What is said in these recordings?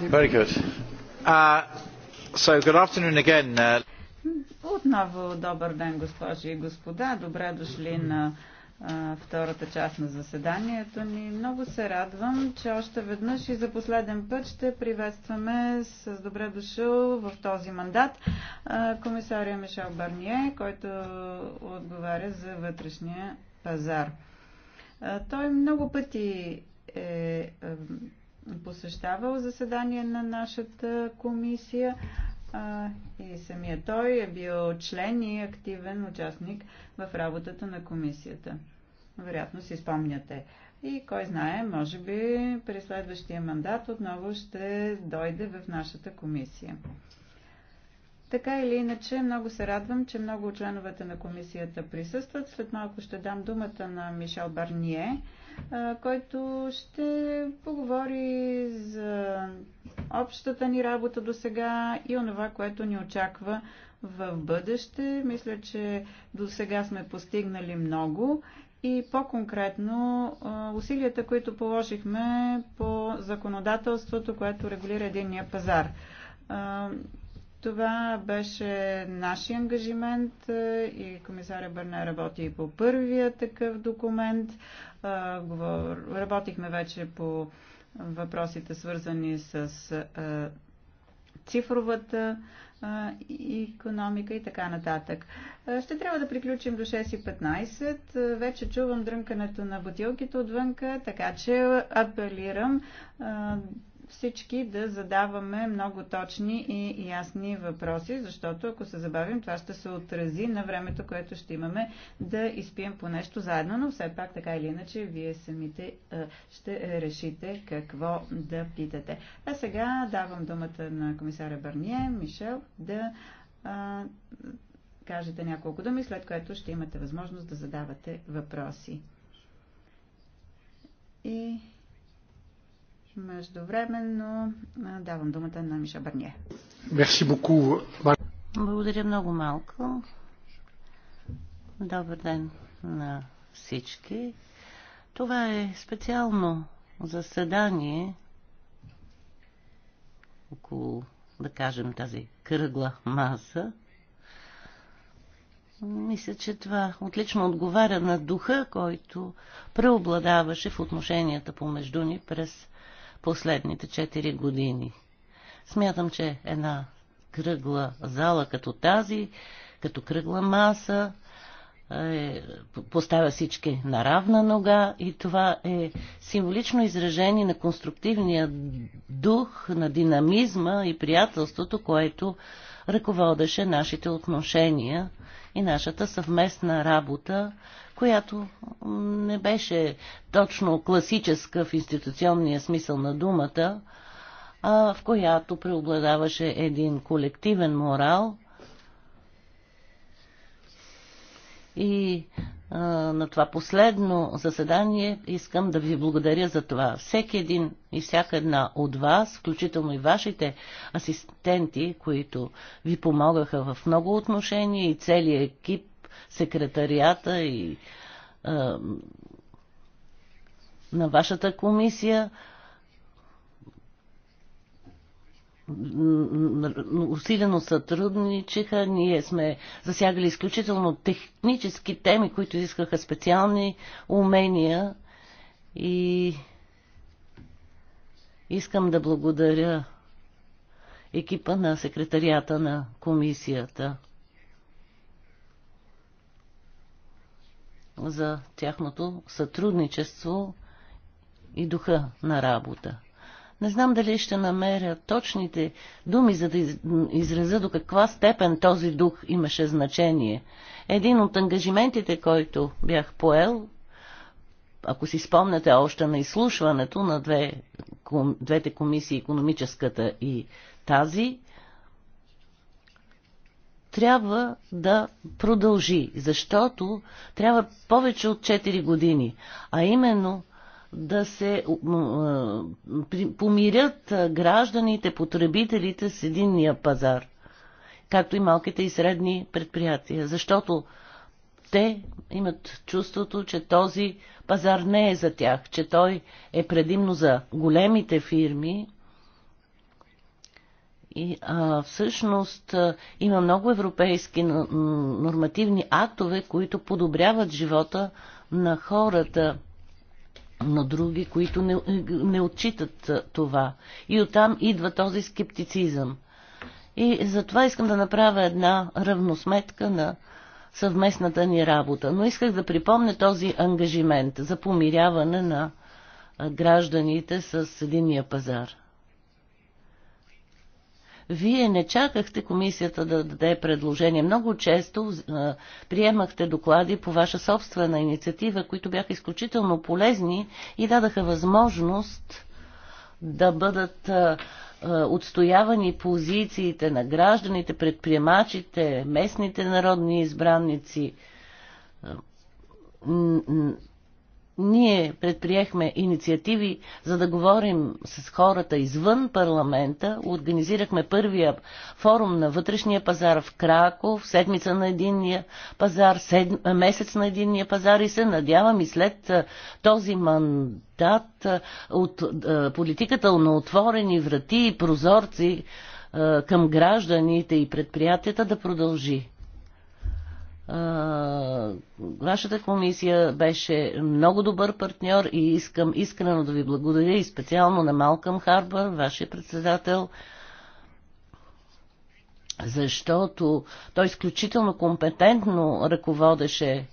Very good. Uh, so good afternoon again. Uh, Отново добър ден, госпожи и господа. Добре дошли на втората част на заседанието ни. Много се радвам, че още веднъж и за последен път ще приветстваме с добре дошъл в този мандат комисария Мишел Барние, който отговаря за вътрешния пазар. той много пъти е посещавал заседание на нашата комисия и самия той е бил член и активен участник в работата на комисията. Вероятно си спомняте. И кой знае, може би при следващия мандат отново ще дойде в нашата комисия. Така или иначе, много се радвам, че много от членовете на комисията присъстват. След малко ще дам думата на Мишел Барние, който ще поговори за общата ни работа до сега и онова, което ни очаква в бъдеще. Мисля, че до сега сме постигнали много и по-конкретно усилията, които положихме по законодателството, което регулира единния пазар. Това беше нашия ангажимент и комисаря Бърне работи и по първия такъв документ. Работихме вече по въпросите свързани с цифровата економика и така нататък. Ще трябва да приключим до 6.15. Вече чувам дрънкането на бутилките отвънка, така че апелирам всички да задаваме много точни и ясни въпроси, защото ако се забавим, това ще се отрази на времето, което ще имаме да изпием по нещо заедно, но все пак така или иначе вие самите ще решите какво да питате. А сега давам думата на комисаря Барние, Мишел, да а, кажете няколко думи, след което ще имате възможност да задавате въпроси. И Междувременно давам думата на Миша Барние. Благодаря много малко. Добър ден на всички. Това е специално заседание около, да кажем, тази кръгла маса. Мисля, че това отлично отговаря на духа, който преобладаваше в отношенията помежду ни през последните 4 години. Смятам, че една кръгла зала като тази, като кръгла маса, е, поставя всички на равна нога и това е символично изражение на конструктивния дух, на динамизма и приятелството, което ръководеше нашите отношения и нашата съвместна работа която не беше точно класическа в институционния смисъл на думата, а в която преобладаваше един колективен морал и а, на това последно заседание искам да ви благодаря за това. Всеки един и всяка една от вас, включително и вашите асистенти, които ви помогаха в много отношения и целият екип секретарията и а, на вашата комисия. усилено сътрудничиха. Ние сме засягали изключително технически теми, които изискаха специални умения и искам да благодаря екипа на секретарията на комисията. за тяхното сътрудничество и духа на работа. Не знам дали ще намеря точните думи, за да изразя до каква степен този дух имаше значение. Един от ангажиментите, който бях поел, ако си спомняте още на изслушването на две, двете комисии, економическата и тази, трябва да продължи, защото трябва повече от 4 години, а именно да се помирят гражданите, потребителите с единния пазар, както и малките и средни предприятия, защото те имат чувството, че този пазар не е за тях, че той е предимно за големите фирми и, а, всъщност има много европейски нормативни актове, които подобряват живота на хората, но други, които не, не отчитат това. И оттам идва този скептицизъм. И затова искам да направя една равносметка на съвместната ни работа. Но исках да припомня този ангажимент за помиряване на гражданите с единния пазар. Вие не чакахте комисията да даде предложение. Много често а, приемахте доклади по ваша собствена инициатива, които бяха изключително полезни и дадаха възможност да бъдат а, отстоявани позициите на гражданите, предприемачите, местните народни избранници ние предприехме инициативи, за да говорим с хората извън парламента. Организирахме първия форум на вътрешния пазар в Краков, седмица на единния пазар, сед... месец на единния пазар и се надявам и след този мандат от политиката на отворени врати и прозорци към гражданите и предприятията да продължи. Вашата комисия беше много добър партньор и искам искрено да ви благодаря и специално на Малкъм Харбър, вашия председател, защото той изключително компетентно ръководеше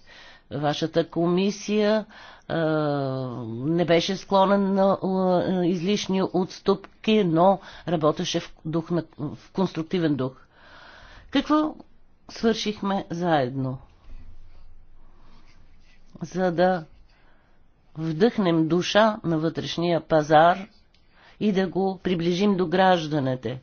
вашата комисия, не беше склонен на излишни отступки, но работеше в, дух на, в конструктивен дух. Какво свършихме заедно. За да вдъхнем душа на вътрешния пазар и да го приближим до гражданите.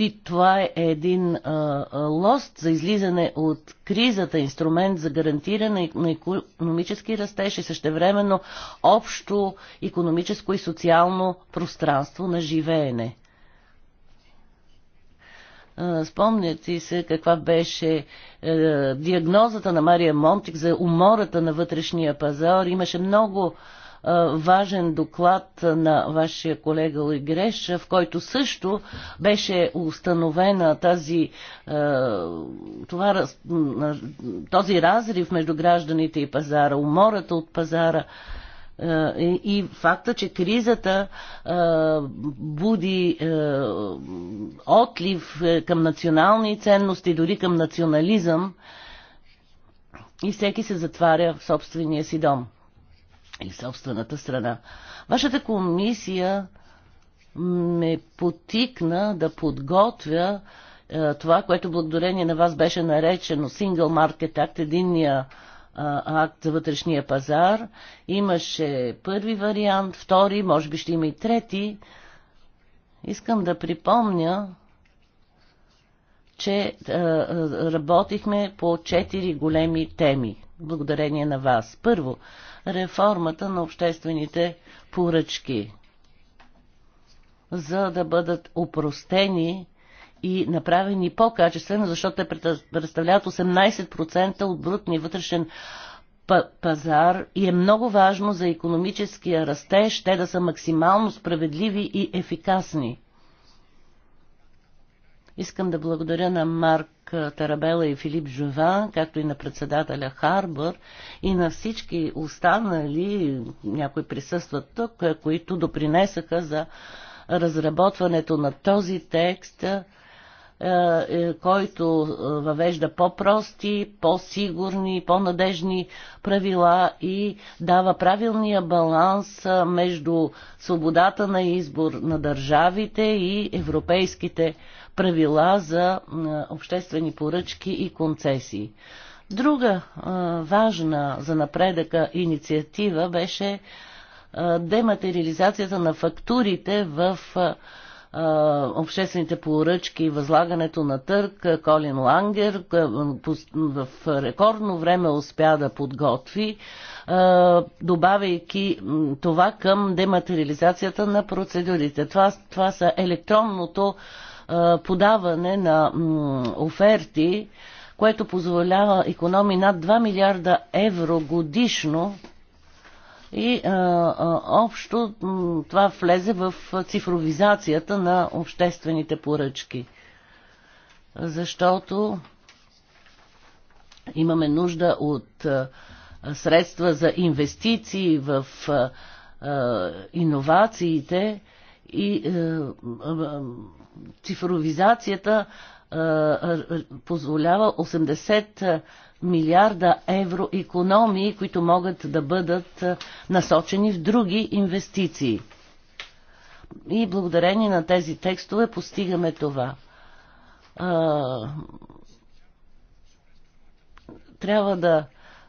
И това е един а, а, лост за излизане от кризата, инструмент за гарантиране на економически растеж и същевременно общо економическо и социално пространство на живеене. Спомняте се каква беше е, диагнозата на Мария Монтик за умората на вътрешния пазар. Имаше много е, важен доклад на вашия колега Лигреш, в който също беше установена тази, е, това, този разрив между гражданите и пазара, умората от пазара. Е, и факта, че кризата е, буди е, отлив към национални ценности, дори към национализъм и всеки се затваря в собствения си дом или собствената страна. Вашата комисия ме потикна да подготвя това, което благодарение на вас беше наречено Single Market Act, единния акт за вътрешния пазар. Имаше първи вариант, втори, може би ще има и трети. Искам да припомня, че а, работихме по четири големи теми, благодарение на вас. Първо, реформата на обществените поръчки, за да бъдат упростени и направени по-качествено, защото те представляват 18% от брутния вътрешен пазар и е много важно за економическия растеж те да са максимално справедливи и ефикасни. Искам да благодаря на Марк Тарабела и Филип Жова, както и на председателя Харбър и на всички останали, някои присъстват тук, които допринесаха за разработването на този текст. Е, е, който е, въвежда по-прости, по-сигурни, по-надежни правила и дава правилния баланс между свободата на избор на държавите и европейските правила за обществени поръчки и концесии. Друга важна за напредъка инициатива беше дематериализацията на фактурите в обществените поръчки, възлагането на търк, Колин Лангер в рекордно време успя да подготви, добавяйки това към дематериализацията на процедурите. Това, това са електронното подаване на оферти, което позволява економи над 2 милиарда евро годишно и а, а, общо това влезе в цифровизацията на обществените поръчки. Защото имаме нужда от а, средства за инвестиции в а, а, иновациите и а, а, цифровизацията а, а, позволява 80 милиарда евро економии, които могат да бъдат насочени в други инвестиции. И благодарение на тези текстове постигаме това. Трябва да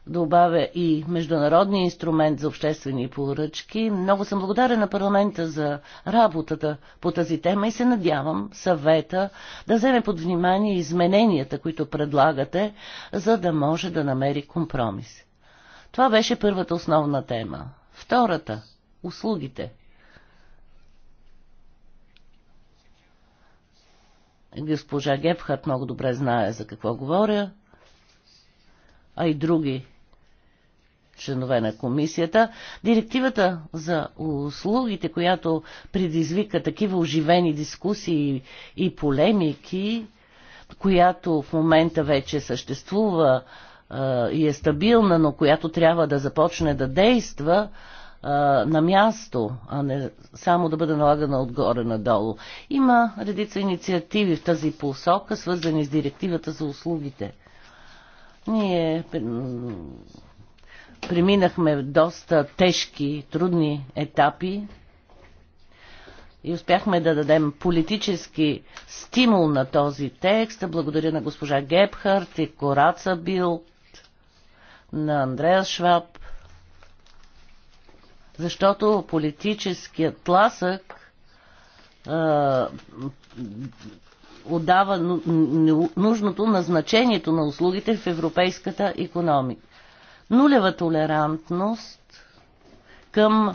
добавя и международния инструмент за обществени поръчки. Много съм благодарен на парламента за работата по тази тема и се надявам съвета да вземе под внимание измененията, които предлагате, за да може да намери компромис. Това беше първата основна тема. Втората – услугите. Госпожа Гепхарт много добре знае за какво говоря, а и други членове на комисията. Директивата за услугите, която предизвика такива оживени дискусии и полемики, която в момента вече съществува е, и е стабилна, но която трябва да започне да действа е, на място, а не само да бъде налагана отгоре надолу. Има редица инициативи в тази посока, свързани с директивата за услугите. Ние преминахме доста тежки, трудни етапи и успяхме да дадем политически стимул на този текст. Благодаря на госпожа Гепхарт и Кораца Бил, на Андреас Шваб, защото политическият тласък отдава нужното на значението на услугите в европейската економика нулева толерантност към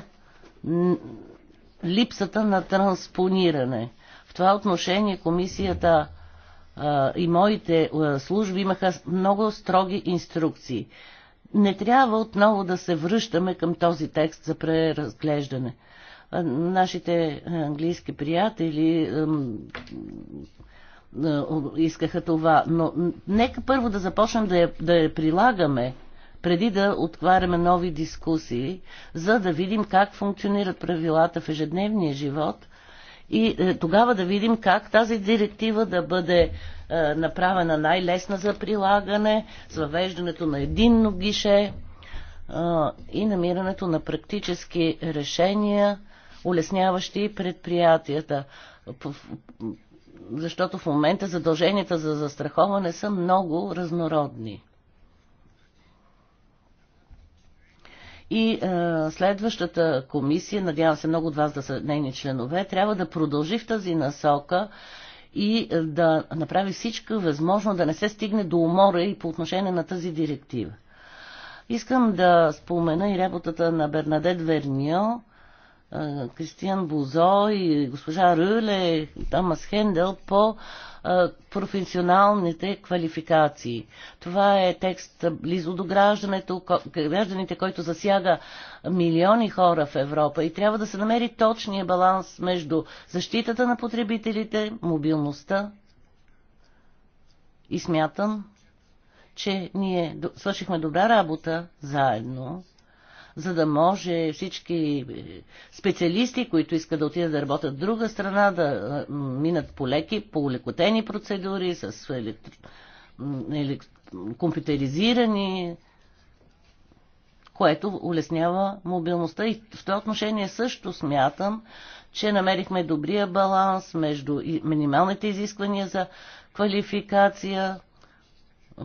липсата на транспониране. В това отношение комисията а, и моите а, служби имаха много строги инструкции. Не трябва отново да се връщаме към този текст за преразглеждане. А, нашите английски приятели искаха това, но нека първо да започнем да я, да я прилагаме преди да отваряме нови дискусии, за да видим как функционират правилата в ежедневния живот и е, тогава да видим как тази директива да бъде е, направена най-лесна за прилагане, с въвеждането на единно гише е, и намирането на практически решения, улесняващи предприятията защото в момента задълженията за застраховане са много разнородни. И а, е, следващата комисия, надявам се много от вас да са нейни членове, трябва да продължи в тази насока и е, да направи всичко възможно да не се стигне до умора и по отношение на тази директива. Искам да спомена и работата на Бернадет Верньо, Кристиан Бузо и госпожа Рюле и Тамас Хендел по професионалните квалификации. Това е текст близо до гражданите, който засяга милиони хора в Европа и трябва да се намери точния баланс между защитата на потребителите, мобилността и смятам, че ние свършихме добра работа заедно за да може всички специалисти, които искат да отидат да работят в друга страна, да минат по леки, по улекотени процедури, с електро... елект... компютеризирани, което улеснява мобилността. И в това отношение също смятам, че намерихме добрия баланс между минималните изисквания за квалификация,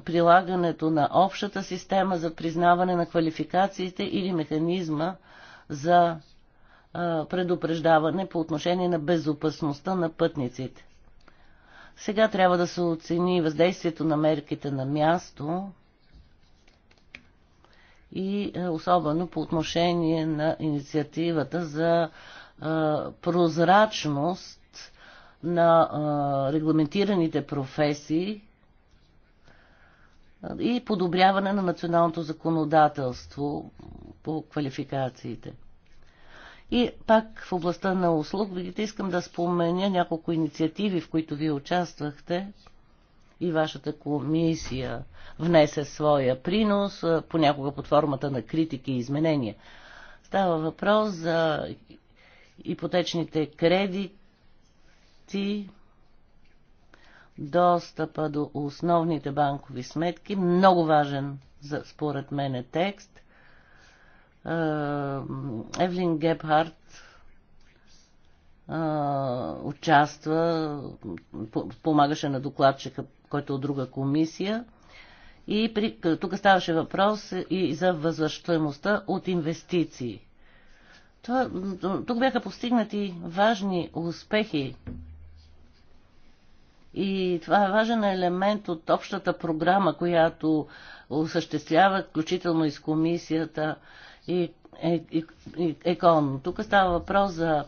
прилагането на общата система за признаване на квалификациите или механизма за предупреждаване по отношение на безопасността на пътниците. Сега трябва да се оцени въздействието на мерките на място и е, особено по отношение на инициативата за е, прозрачност на е, регламентираните професии и подобряване на националното законодателство по квалификациите. И пак в областта на услугите искам да споменя няколко инициативи, в които вие участвахте и вашата комисия внесе своя принос, понякога под формата на критики и изменения. Става въпрос за ипотечните кредити, достъпа до основните банкови сметки. Много важен, за, според мен, е текст. Евлин Гепхарт участва, помагаше на докладчика, който е от друга комисия. И при, тук ставаше въпрос и за възвръщаемостта от инвестиции. Това, тук бяха постигнати важни успехи и това е важен елемент от общата програма, която осъществява, включително и с комисията и, и, и, и ЕКОН. Тук става въпрос за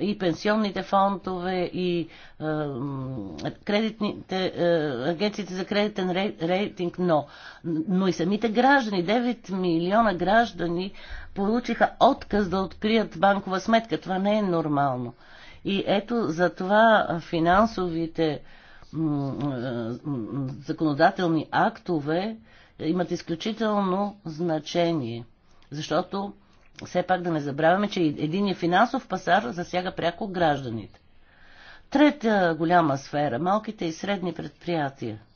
и пенсионните фондове, и кредитните, агенциите за кредитен рейтинг, но, но и самите граждани, 9 милиона граждани получиха отказ да открият банкова сметка. Това не е нормално. И ето за това финансовите законодателни актове имат изключително значение. Защото все пак да не забравяме, че един е финансов пазар засяга пряко гражданите. Трета голяма сфера – малките и средни предприятия –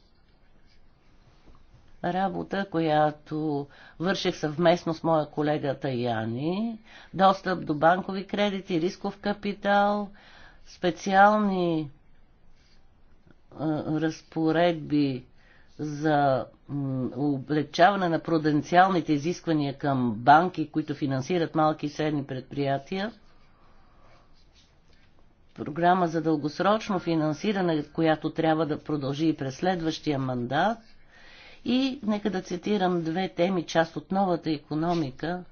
работа, която върших съвместно с моя колега Таяни. Достъп до банкови кредити, рисков капитал, специални е, разпоредби за облегчаване на пруденциалните изисквания към банки, които финансират малки и средни предприятия, програма за дългосрочно финансиране, която трябва да продължи и през следващия мандат – и нека да цитирам две теми, част от новата економика,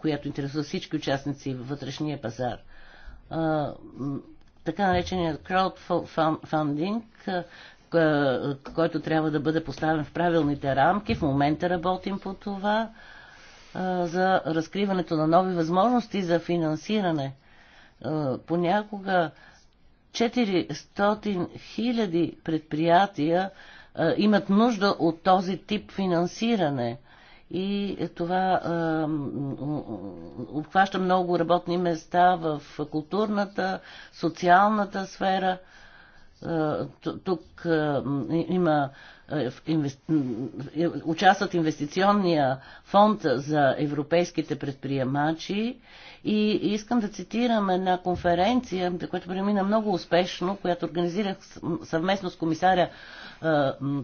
която интересува всички участници в вътрешния пазар. Така нареченият краудфандинг, който трябва да бъде поставен в правилните рамки. В момента работим по това за разкриването на нови възможности за финансиране. Понякога 400 000 предприятия а, имат нужда от този тип финансиране. И това а, обхваща много работни места в културната, социалната сфера тук има участват инвестиционния фонд за европейските предприемачи и искам да цитирам една конференция, която премина много успешно, която организирах съвместно с комисаря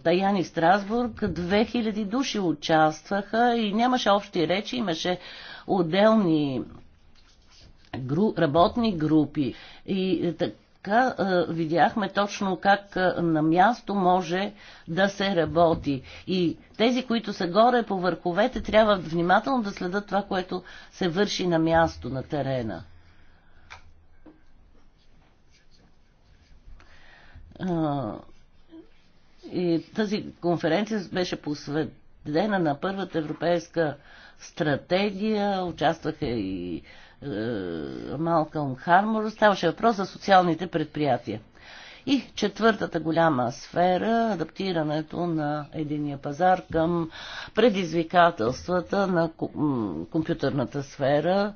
Таяни в Страсбург. 2000 души участваха и нямаше общи речи, имаше отделни работни групи. И така е, видяхме точно как е, на място може да се работи. И тези, които са горе по върховете, трябва внимателно да следят това, което се върши на място, на терена. Е, и тази конференция беше посветена на първата европейска стратегия. Участваха и е, Малкълм Хармор. Ставаше въпрос за социалните предприятия. И четвъртата голяма сфера адаптирането на единия пазар към предизвикателствата на компютърната сфера,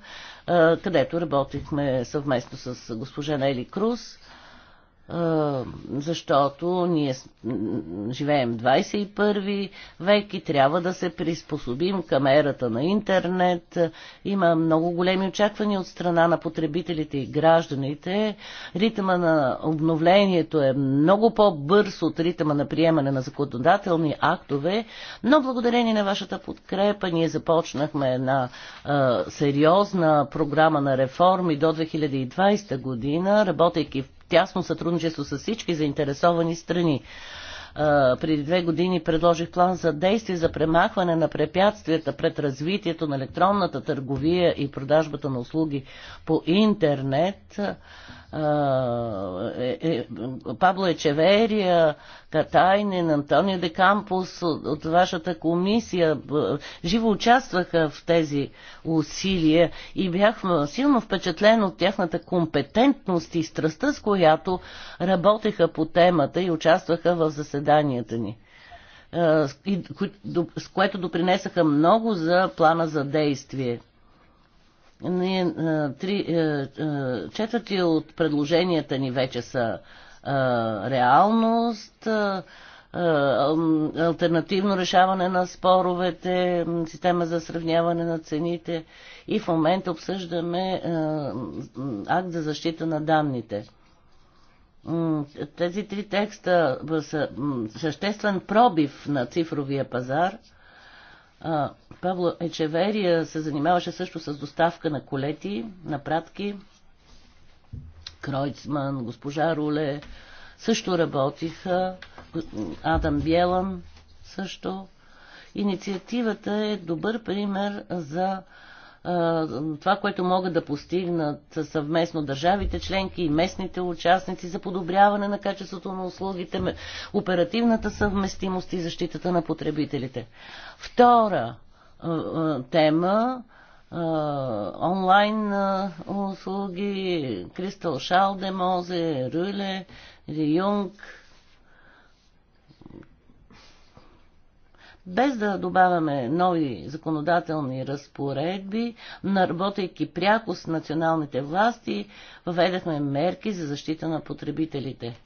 е, където работихме съвместно с госпожа Нели Круз защото ние живеем 21 век и трябва да се приспособим към ерата на интернет. Има много големи очаквания от страна на потребителите и гражданите. Ритъма на обновлението е много по-бърз от ритъма на приемане на законодателни актове, но благодарение на вашата подкрепа ние започнахме една сериозна програма на реформи до 2020 година, работейки в тясно сътрудничество с всички заинтересовани страни. Преди две години предложих план за действие за премахване на препятствията пред развитието на електронната търговия и продажбата на услуги по интернет е, е, Пабло Ечеверия, Катайнин, Антонио де Кампус от, от вашата комисия е, живо участваха в тези усилия и бях силно впечатлен от тяхната компетентност и страстта, с която работеха по темата и участваха в заседанията ни с което допринесаха много за плана за действие четвърти от предложенията ни вече са реалност, альтернативно решаване на споровете, система за сравняване на цените и в момента обсъждаме акт за защита на данните. Тези три текста са съществен пробив на цифровия пазар – Павло Ечеверия се занимаваше също с доставка на колети, на пратки. Кройцман, госпожа Руле също работиха. Адам Бьелан също. Инициативата е добър пример за това, което могат да постигнат съвместно държавите членки и местните участници за подобряване на качеството на услугите, оперативната съвместимост и защитата на потребителите. Втора тема онлайн услуги Кристал Шалдемозе, Рюле, Юнг, без да добавяме нови законодателни разпоредби, наработейки пряко с националните власти, въведахме мерки за защита на потребителите.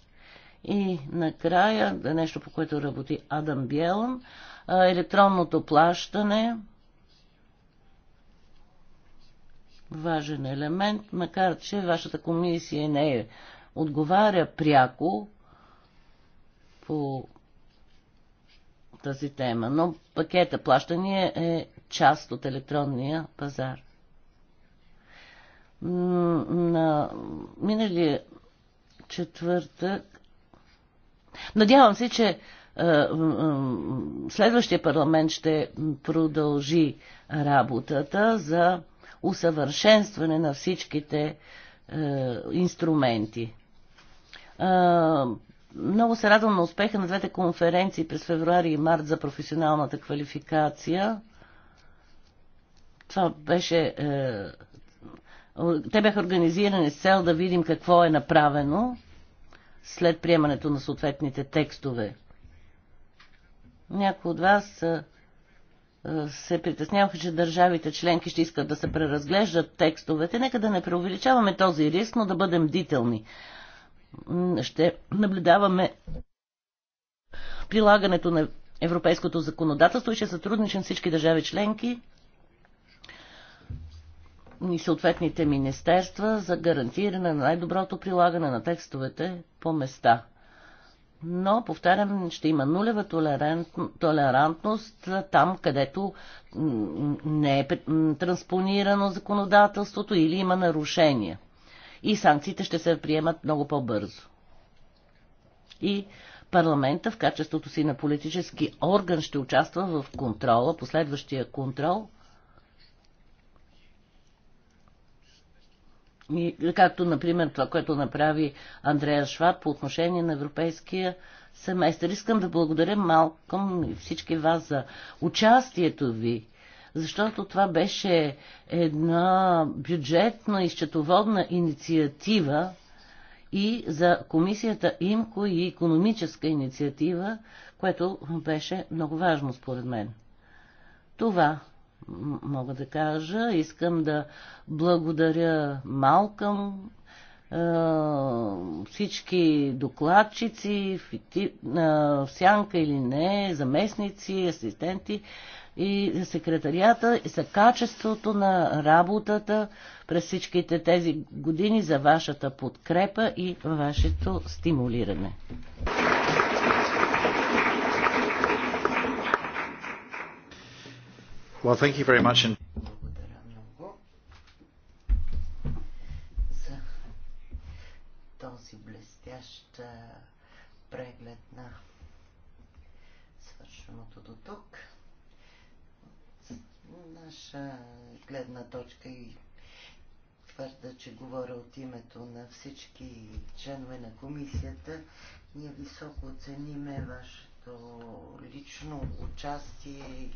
И накрая, нещо по което работи Адам Бьелън, електронното плащане, важен елемент, макар че вашата комисия не е отговаря пряко по тази тема. Но пакета плащания е част от електронния пазар. На миналия четвъртък. Надявам се, че е, следващия парламент ще продължи работата за усъвършенстване на всичките е, инструменти е, много се радвам на успеха на двете конференции през февруари и март за професионалната квалификация. Това беше. Е, те бяха организирани с цел да видим какво е направено след приемането на съответните текстове. Някои от вас е, е, се притесняваха, че държавите членки ще искат да се преразглеждат текстовете. Нека да не преувеличаваме този риск, но да бъдем бдителни ще наблюдаваме прилагането на европейското законодателство и ще сътрудничим всички държави членки и съответните министерства за гарантиране на най-доброто прилагане на текстовете по места. Но, повтарям, ще има нулева толерантност там, където не е транспонирано законодателството или има нарушения и санкциите ще се приемат много по-бързо. И парламента в качеството си на политически орган ще участва в контрола, последващия контрол както, например, това, което направи Андрея Шваб по отношение на европейския семестър. Искам да благодаря малко всички вас за участието ви защото това беше една бюджетна изчетоводна инициатива и за комисията ИМКО и економическа инициатива, което беше много важно според мен. Това мога да кажа. Искам да благодаря Малкам, всички докладчици, фити, сянка или не, заместници, асистенти, и секретарията и за качеството на работата през всичките тези години, за вашата подкрепа и вашето стимулиране. Well, thank you very much. Благодаря много за този блестящ преглед на свършеното до тук а, гледна точка и твърда, че говоря от името на всички членове на комисията, ние високо оцениме вашето лично участие.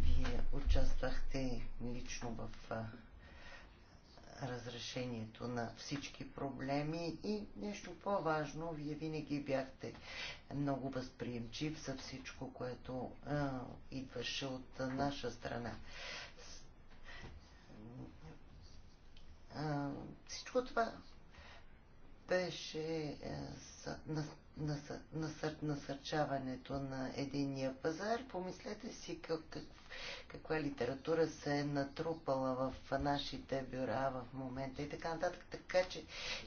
Вие участвахте лично в разрешението на всички проблеми и нещо по-важно, вие винаги бяхте много възприемчив за всичко, което а, идваше от наша страна. А, всичко това беше е, насърчаването на единния пазар. Помислете си как, каква литература се е натрупала в нашите бюра в момента и така нататък. Така че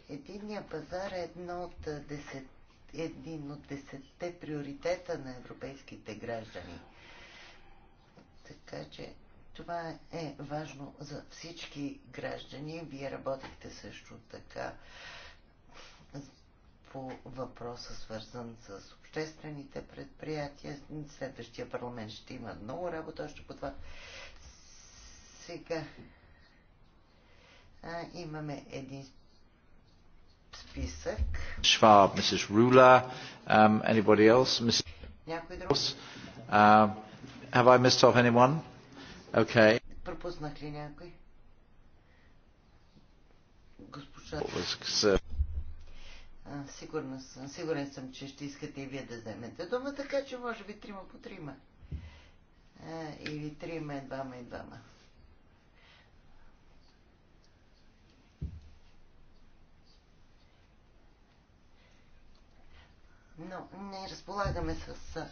единния пазар е едно от е, десет, един от десетте приоритета на европейските граждани. Така че това е важно за всички граждани. Вие работите също така по въпроса, свързан с обществените предприятия. Следващия парламент ще има много работа още по това. Сега а, имаме един списък. Шваб, мисис Рула, anybody else? Mrs. Някой друг? Uh, have I missed off anyone? Okay. Пропуснах ли някой? Госпожа сигурно съм, сигурен съм, че ще искате и вие да вземете дума, така че може би трима по трима. или трима и двама и двама. Но не разполагаме с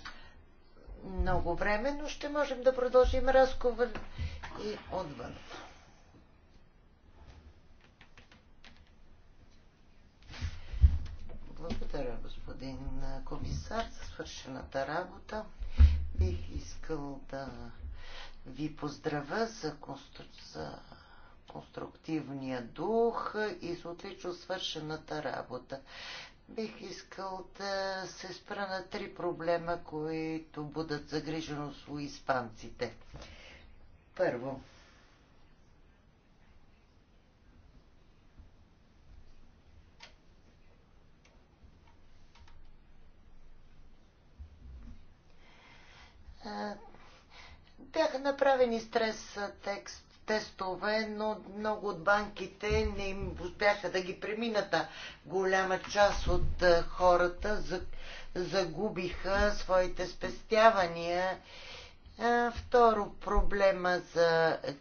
много време, но ще можем да продължим разговор и отвън. Благодаря, господин комисар, за свършената работа. Бих искал да ви поздравя за, констру... за конструктивния дух и за отлично свършената работа. Бих искал да се спра на три проблема, които будат загриженост у испанците. Първо, Бяха направени стрес текст, тестове, но много от банките не им успяха да ги преминат. Голяма част от хората загубиха своите спестявания. Второ проблема за е,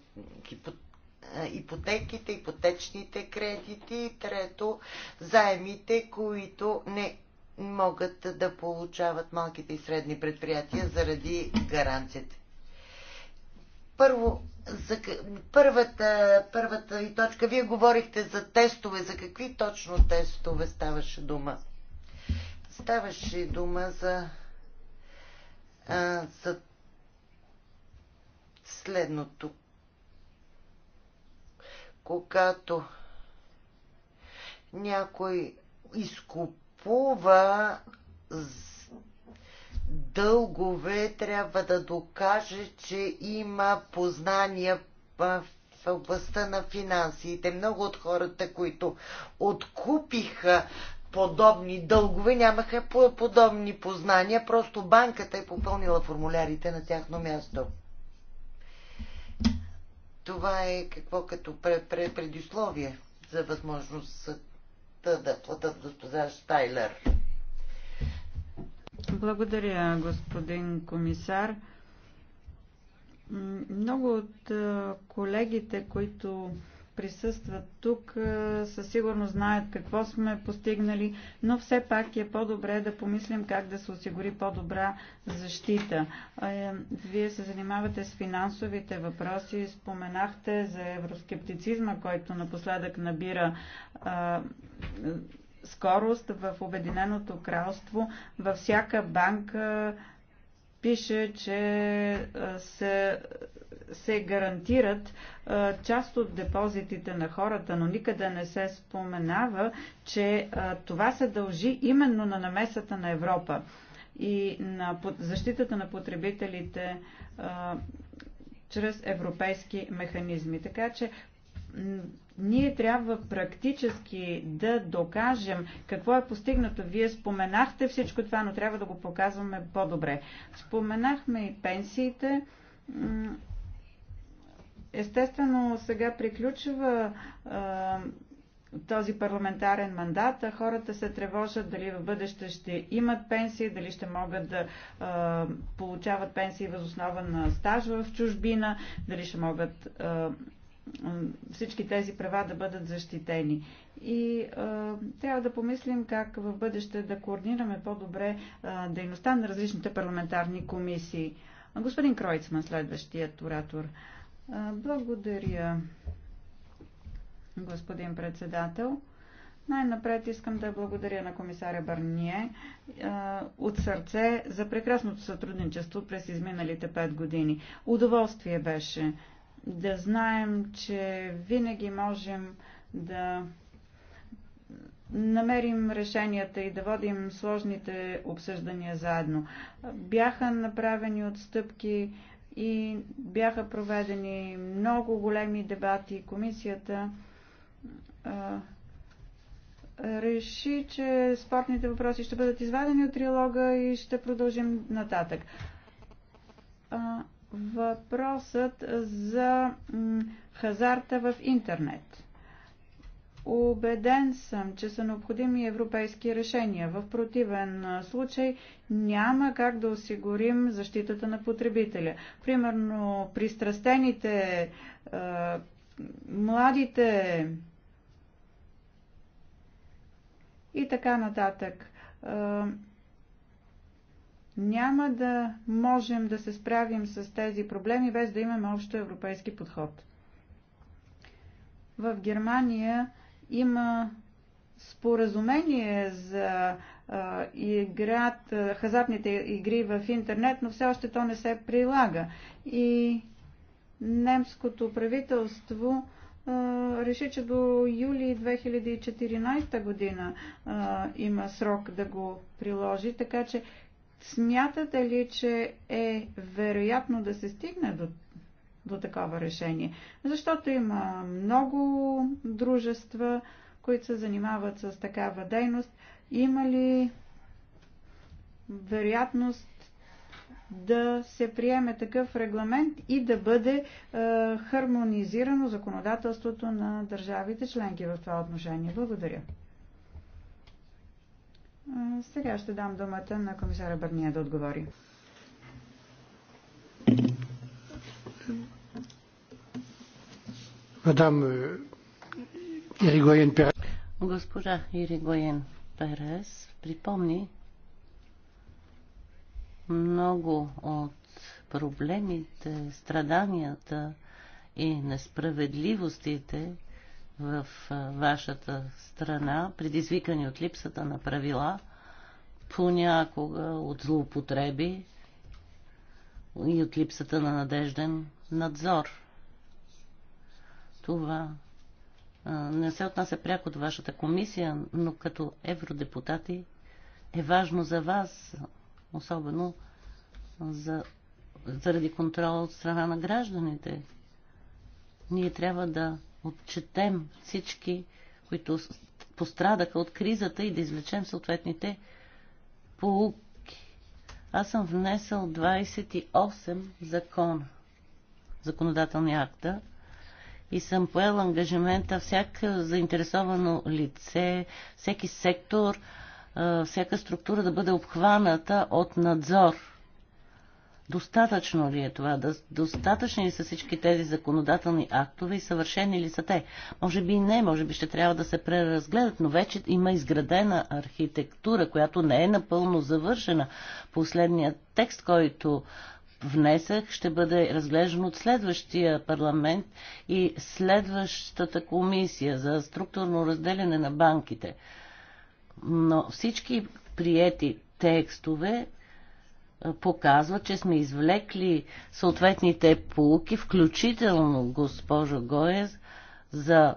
ипотеките, ипотечните кредити. Трето, заемите, които не могат да получават малките и средни предприятия заради гаранцията. Първо, за първата, първата ви точка, вие говорихте за тестове. За какви точно тестове ставаше дума? Ставаше дума за, а, за следното. Когато някой изкуп купува дългове, трябва да докаже, че има познания в областта на финансите. Много от хората, които откупиха подобни дългове, нямаха подобни познания, просто банката е попълнила формулярите на тяхно място. Това е какво като предисловие за възможност да платят госпожа Штайлер. Благодаря, господин комисар. Много от колегите, които присъстват тук, със сигурност знаят какво сме постигнали, но все пак е по-добре да помислим как да се осигури по-добра защита. Е, вие се занимавате с финансовите въпроси, споменахте за евроскептицизма, който напоследък набира скорост в Обединеното кралство. Във всяка банка пише, че се се гарантират част от депозитите на хората, но никъде не се споменава, че това се дължи именно на намесата на Европа и на защитата на потребителите чрез европейски механизми. Така че ние трябва практически да докажем какво е постигнато. Вие споменахте всичко това, но трябва да го показваме по-добре. Споменахме и пенсиите. Естествено, сега приключва а, този парламентарен мандат, а хората се тревожат дали в бъдеще ще имат пенсии, дали ще могат да а, получават пенсии възоснова на стаж в чужбина, дали ще могат а, всички тези права да бъдат защитени. И а, трябва да помислим как в бъдеще да координираме по-добре дейността на различните парламентарни комисии. Господин Кройцман, следващият оратор. Благодаря, господин председател. Най-напред искам да благодаря на комисаря Барние от сърце за прекрасното сътрудничество през изминалите 5 години. Удоволствие беше да знаем, че винаги можем да намерим решенията и да водим сложните обсъждания заедно. Бяха направени отстъпки и бяха проведени много големи дебати. Комисията а, реши, че спортните въпроси ще бъдат извадени от триалога и ще продължим нататък. А, въпросът за хазарта в интернет. Убеден съм, че са необходими европейски решения. В противен случай няма как да осигурим защитата на потребителя. Примерно, пристрастените, младите и така нататък. Няма да можем да се справим с тези проблеми без да имаме общо европейски подход. В Германия има споразумение за играт, хазартните игри в интернет, но все още то не се прилага. И немското правителство реши, че до юли 2014 година а, има срок да го приложи, така че смятате ли, че е вероятно да се стигне до до такова решение. Защото има много дружества, които се занимават с такава дейност. Има ли вероятност да се приеме такъв регламент и да бъде е, хармонизирано законодателството на държавите членки в това отношение. Благодаря. Е, сега ще дам думата на комисара Бърния да отговори. Е, Перес. Госпожа Иригоен Перес припомни много от проблемите, страданията и несправедливостите в вашата страна, предизвикани от липсата на правила, понякога от злоупотреби, и от липсата на надежден надзор. Това не се отнася пряко от вашата комисия, но като евродепутати е важно за вас, особено за, заради контрол от страна на гражданите. Ние трябва да отчетем всички, които пострадаха от кризата и да извлечем съответните аз съм внесъл 28 закона, законодателни акта, и съм поел ангажимента всяка заинтересовано лице, всеки сектор, всяка структура да бъде обхваната от надзор – Достатъчно ли е това? Достатъчни ли са всички тези законодателни актове и съвършени ли са те? Може би и не, може би ще трябва да се преразгледат, но вече има изградена архитектура, която не е напълно завършена. Последният текст, който внесах, ще бъде разглеждан от следващия парламент и следващата комисия за структурно разделяне на банките. Но всички приети текстове показва, че сме извлекли съответните полуки, включително, госпожо Гоез, за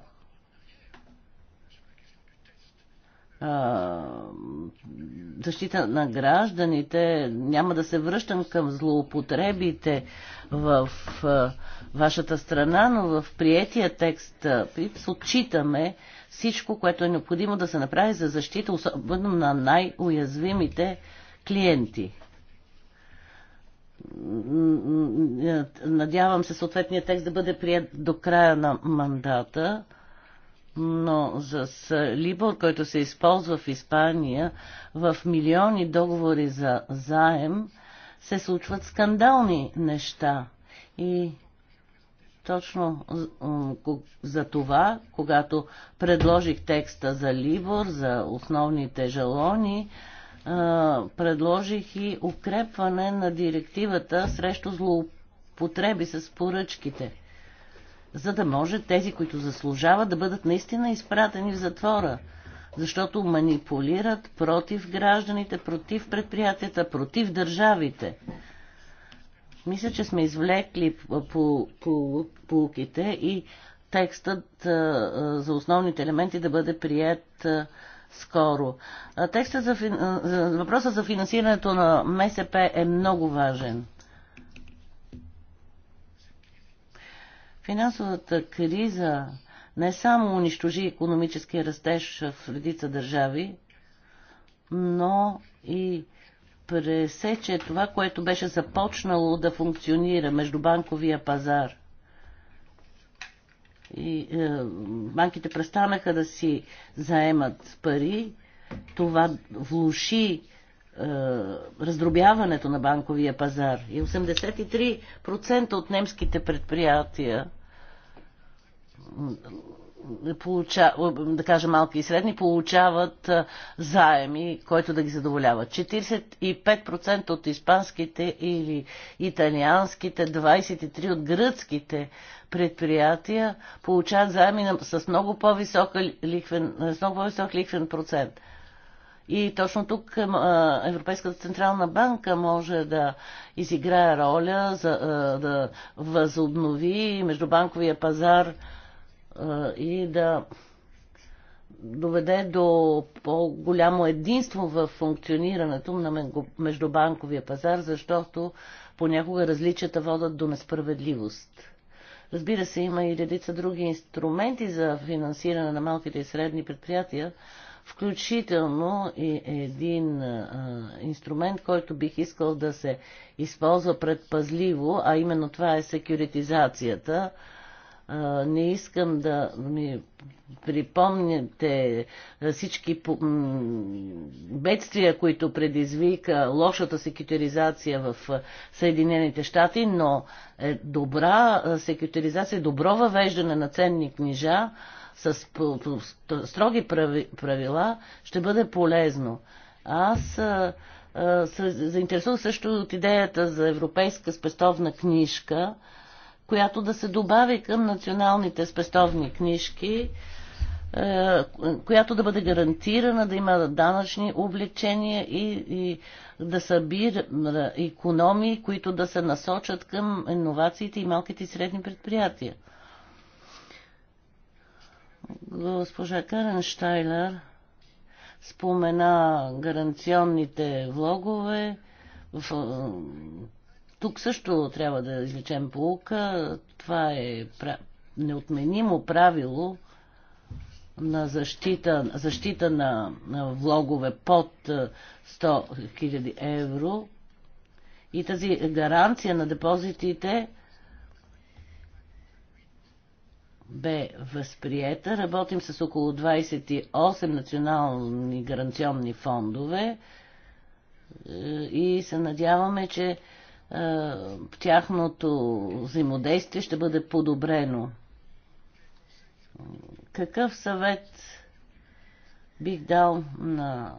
защита на гражданите. Няма да се връщам към злоупотребите в вашата страна, но в приетия текст отчитаме всичко, което е необходимо да се направи за защита, особено на най-уязвимите клиенти. Надявам се съответния текст да бъде прият до края на мандата, но за Либор, който се използва в Испания, в милиони договори за заем се случват скандални неща. И точно за това, когато предложих текста за Либор, за основните жалони, предложих и укрепване на директивата срещу злоупотреби с поръчките, за да може тези, които заслужават, да бъдат наистина изпратени в затвора, защото манипулират против гражданите, против предприятията, против държавите. Мисля, че сме извлекли по, по, полуките и текстът а, за основните елементи да бъде прият а, скоро. Текстът за, фин... въпросът за финансирането на МСП е много важен. Финансовата криза не само унищожи економическия растеж в редица държави, но и пресече това, което беше започнало да функционира между банковия пазар – и е, банките престанаха да си заемат пари. Това влуши е, раздробяването на банковия пазар. И 83% от немските предприятия да кажа малки и средни, получават заеми, който да ги задоволява. 45% от испанските или италианските, 23% от гръцките предприятия получават заеми с много по-висок лихвен, с много по-висок лихвен процент. И точно тук Европейската централна банка може да изиграе роля за да възобнови междубанковия пазар и да доведе до по-голямо единство в функционирането на междубанковия пазар, защото понякога различията водат до несправедливост. Разбира се, има и редица други инструменти за финансиране на малките и средни предприятия, включително и един а, инструмент, който бих искал да се използва предпазливо, а именно това е секюритизацията – не искам да ми припомняте всички бедствия, които предизвика лошата секютеризация в Съединените щати, но е добра секютеризация, добро въвеждане на ценни книжа с строги правила ще бъде полезно. Аз се заинтересувам също от идеята за европейска спестовна книжка, която да се добави към националните спестовни книжки, е, която да бъде гарантирана, да има данъчни облегчения и, и да събира економии, които да се насочат към иновациите и малките и средни предприятия. Госпожа Каренштайлер спомена гаранционните влогове в тук също трябва да излечем полука. Това е неотменимо правило на защита, защита на, на влогове под 100 000 евро и тази гаранция на депозитите бе възприета. Работим с около 28 национални гаранционни фондове е, и се надяваме, че е, тяхното взаимодействие ще бъде подобрено. Какъв съвет бих дал на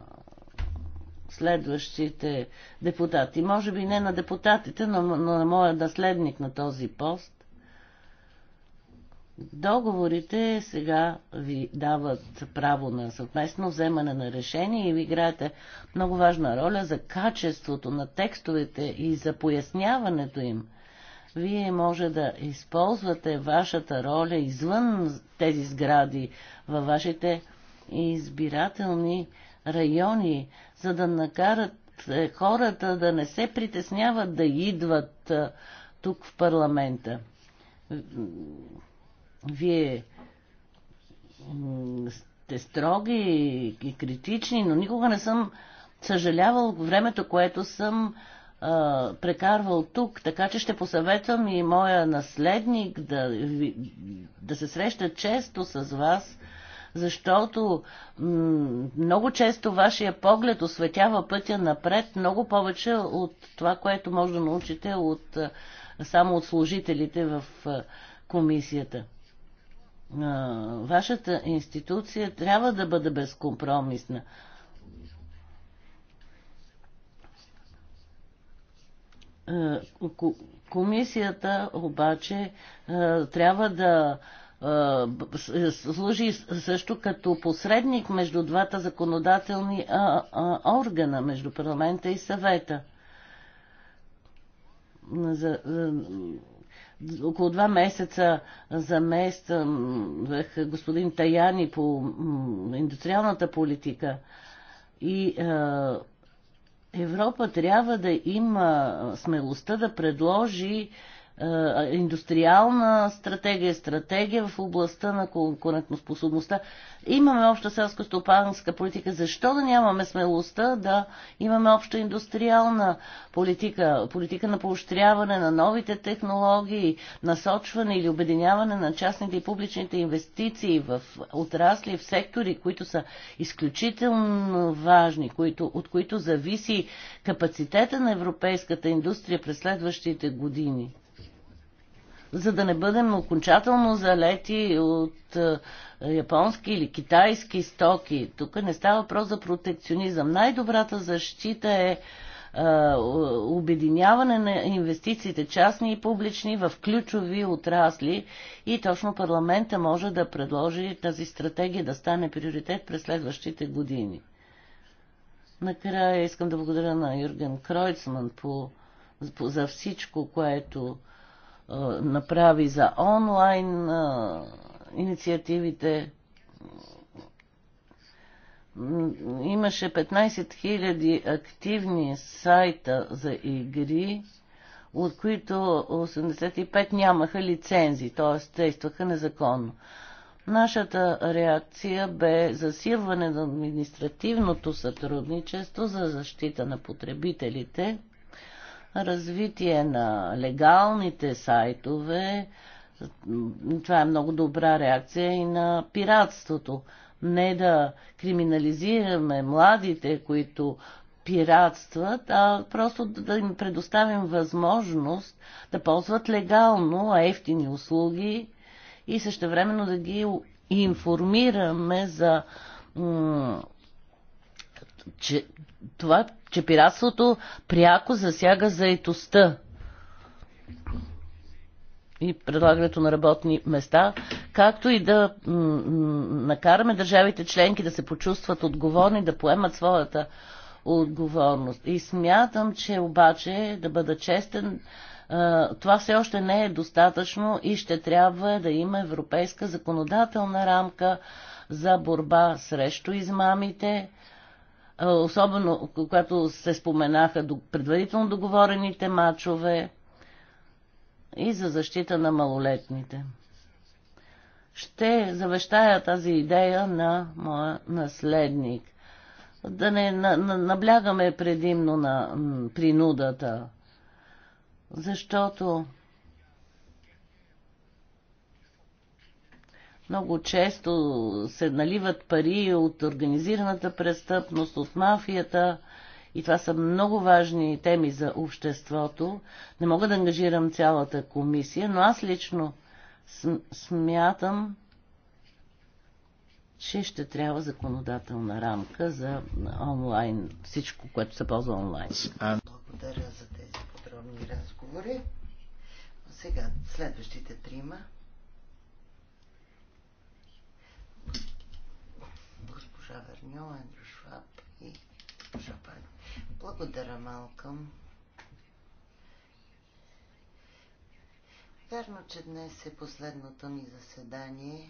следващите депутати? Може би не на депутатите, но на моя наследник на този пост. Договорите сега ви дават право на съвместно вземане на решение и ви играете много важна роля за качеството на текстовете и за поясняването им. Вие може да използвате вашата роля извън тези сгради във вашите избирателни райони, за да накарат е, хората да не се притесняват да идват е, тук в парламента вие сте строги и критични, но никога не съм съжалявал времето, което съм а, прекарвал тук, така че ще посъветвам и моя наследник да, да се среща често с вас, защото много често вашия поглед осветява пътя напред много повече от това, което може да научите от, само от служителите в комисията вашата институция трябва да бъде безкомпромисна. Комисията обаче трябва да служи също като посредник между двата законодателни органа, между парламента и съвета. За, около два месеца замествах господин Таяни по индустриалната политика и е, Европа трябва да има смелостта да предложи е, индустриална стратегия, стратегия в областта на конкурентоспособността. Имаме обща селско-стопанска политика. Защо да нямаме смелостта да имаме обща индустриална политика, политика на поощряване на новите технологии, насочване или обединяване на частните и публичните инвестиции в отрасли, в сектори, които са изключително важни, които, от които зависи капацитета на европейската индустрия през следващите години? за да не бъдем окончателно залети от е, японски или китайски стоки. Тук не става въпрос за протекционизъм. Най-добрата защита е, е обединяване на инвестициите, частни и публични, в ключови отрасли и точно парламента може да предложи тази стратегия да стане приоритет през следващите години. Накрая искам да благодаря на Юрген Кройцман по, по, за всичко, което направи за онлайн инициативите. Имаше 15 000 активни сайта за игри, от които 85 нямаха лицензи, т.е. действаха незаконно. Нашата реакция бе засилване на административното сътрудничество за защита на потребителите – развитие на легалните сайтове. Това е много добра реакция и на пиратството. Не да криминализираме младите, които пиратстват, а просто да им предоставим възможност да ползват легално ефтини услуги и същевременно да ги информираме за че това, че пиратството пряко засяга заетостта и предлагането на работни места, както и да накараме държавите членки да се почувстват отговорни, да поемат своята отговорност. И смятам, че обаче, да бъда честен, това все още не е достатъчно и ще трябва да има европейска законодателна рамка за борба срещу измамите, особено когато се споменаха предварително договорените мачове и за защита на малолетните. Ще завещая тази идея на моя наследник. Да не наблягаме предимно на принудата, защото Много често се наливат пари от организираната престъпност, от мафията и това са много важни теми за обществото. Не мога да ангажирам цялата комисия, но аз лично смятам, че ще трябва законодателна рамка за онлайн, всичко, което се ползва онлайн. Благодаря за тези подробни разговори. Сега следващите трима. госпожа Андрю Шваб и госпожа Благодаря, Малкам. Вярно, че днес е последното ни заседание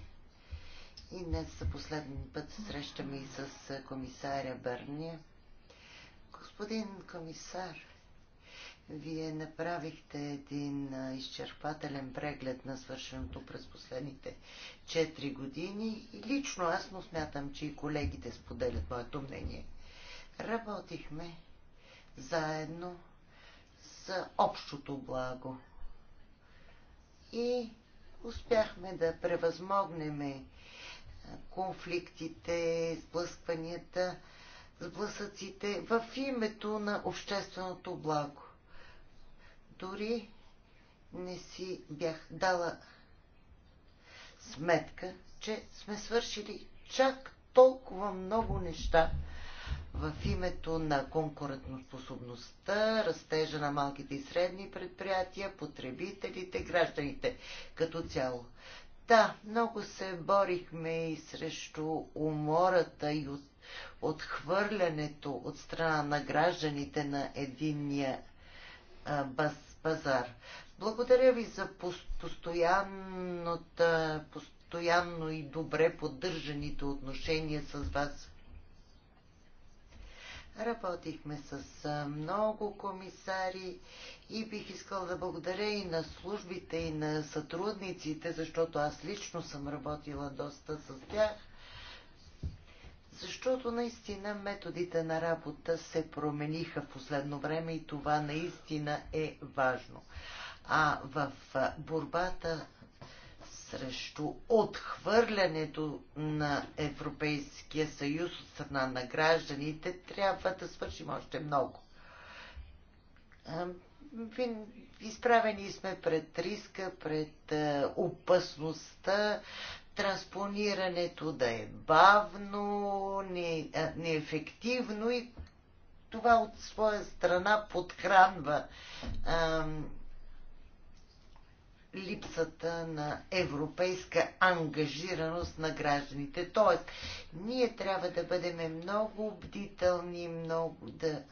и днес за последен път срещаме и с комисаря Бърния. Господин комисар, вие направихте един изчерпателен преглед на свършеното през последните 4 години и лично аз, но смятам, че и колегите споделят моето мнение. Работихме заедно с общото благо и успяхме да превъзмогнем конфликтите, сблъскванията, сблъсъците в името на общественото благо дори не си бях дала сметка, че сме свършили чак толкова много неща в името на конкурентоспособността, растежа на малките и средни предприятия, потребителите, гражданите като цяло. Да, много се борихме и срещу умората и от, отхвърлянето от страна на гражданите на единния а, бас, пазар. Благодаря ви за постоянната, постоянно и добре поддържаните отношения с вас. Работихме с много комисари и бих искал да благодаря и на службите, и на сътрудниците, защото аз лично съм работила доста с тях. Защото наистина методите на работа се промениха в последно време и това наистина е важно. А в борбата срещу отхвърлянето на Европейския съюз от страна на гражданите, трябва да свършим още много. Изправени сме пред риска, пред опасността транспонирането да е бавно, не, неефективно и това от своя страна подхранва а, липсата на европейска ангажираност на гражданите. Тоест, ние трябва да бъдем много бдителни, много да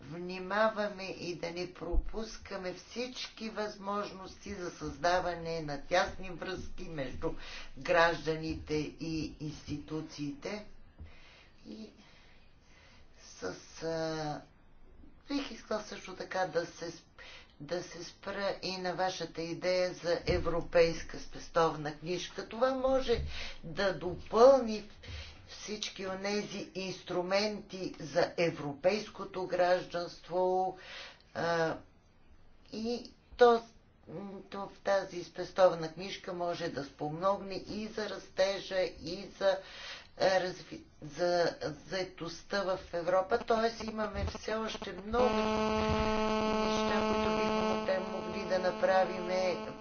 внимаваме и да не пропускаме всички възможности за създаване на тясни връзки между гражданите и институциите. И с... А, бих искала също така да се, да се спра и на вашата идея за европейска спестовна книжка. Това може да допълни всички онези инструменти за европейското гражданство и то, в тази спестовна книжка може да спомогне и за растежа, и за за заетостта в Европа. Т.е. имаме все още много неща, които да направим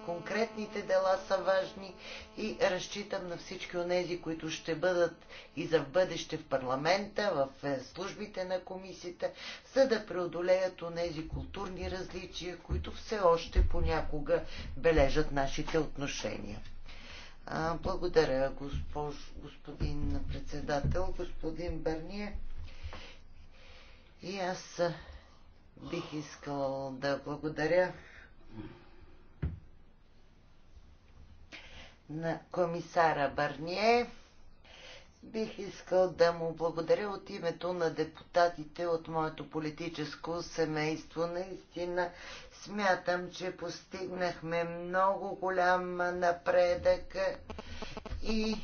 конкретните дела са важни и разчитам на всички от тези, които ще бъдат и за в бъдеще в парламента, в е, службите на комисията, за да преодолеят от тези културни различия, които все още понякога бележат нашите отношения. Благодаря, госпож, господин председател, господин Берния. И аз бих искал да благодаря на комисара Барние. Бих искал да му благодаря от името на депутатите от моето политическо семейство. Наистина смятам, че постигнахме много голям напредък и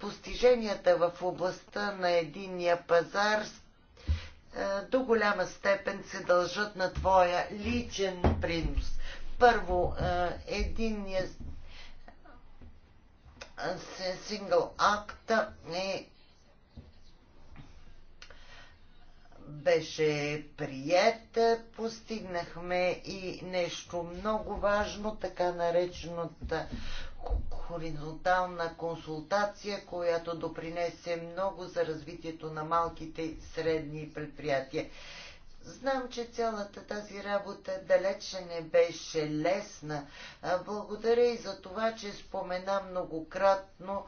постиженията в областта на единния пазар до голяма степен се дължат на твоя личен принос. Първо, е, единният е, сингъл акт е беше прият, постигнахме и нещо много важно, така наречената хоризонтална консултация, която допринесе много за развитието на малките и средни предприятия. Знам, че цялата тази работа далече не беше лесна. Благодаря и за това, че спомена многократно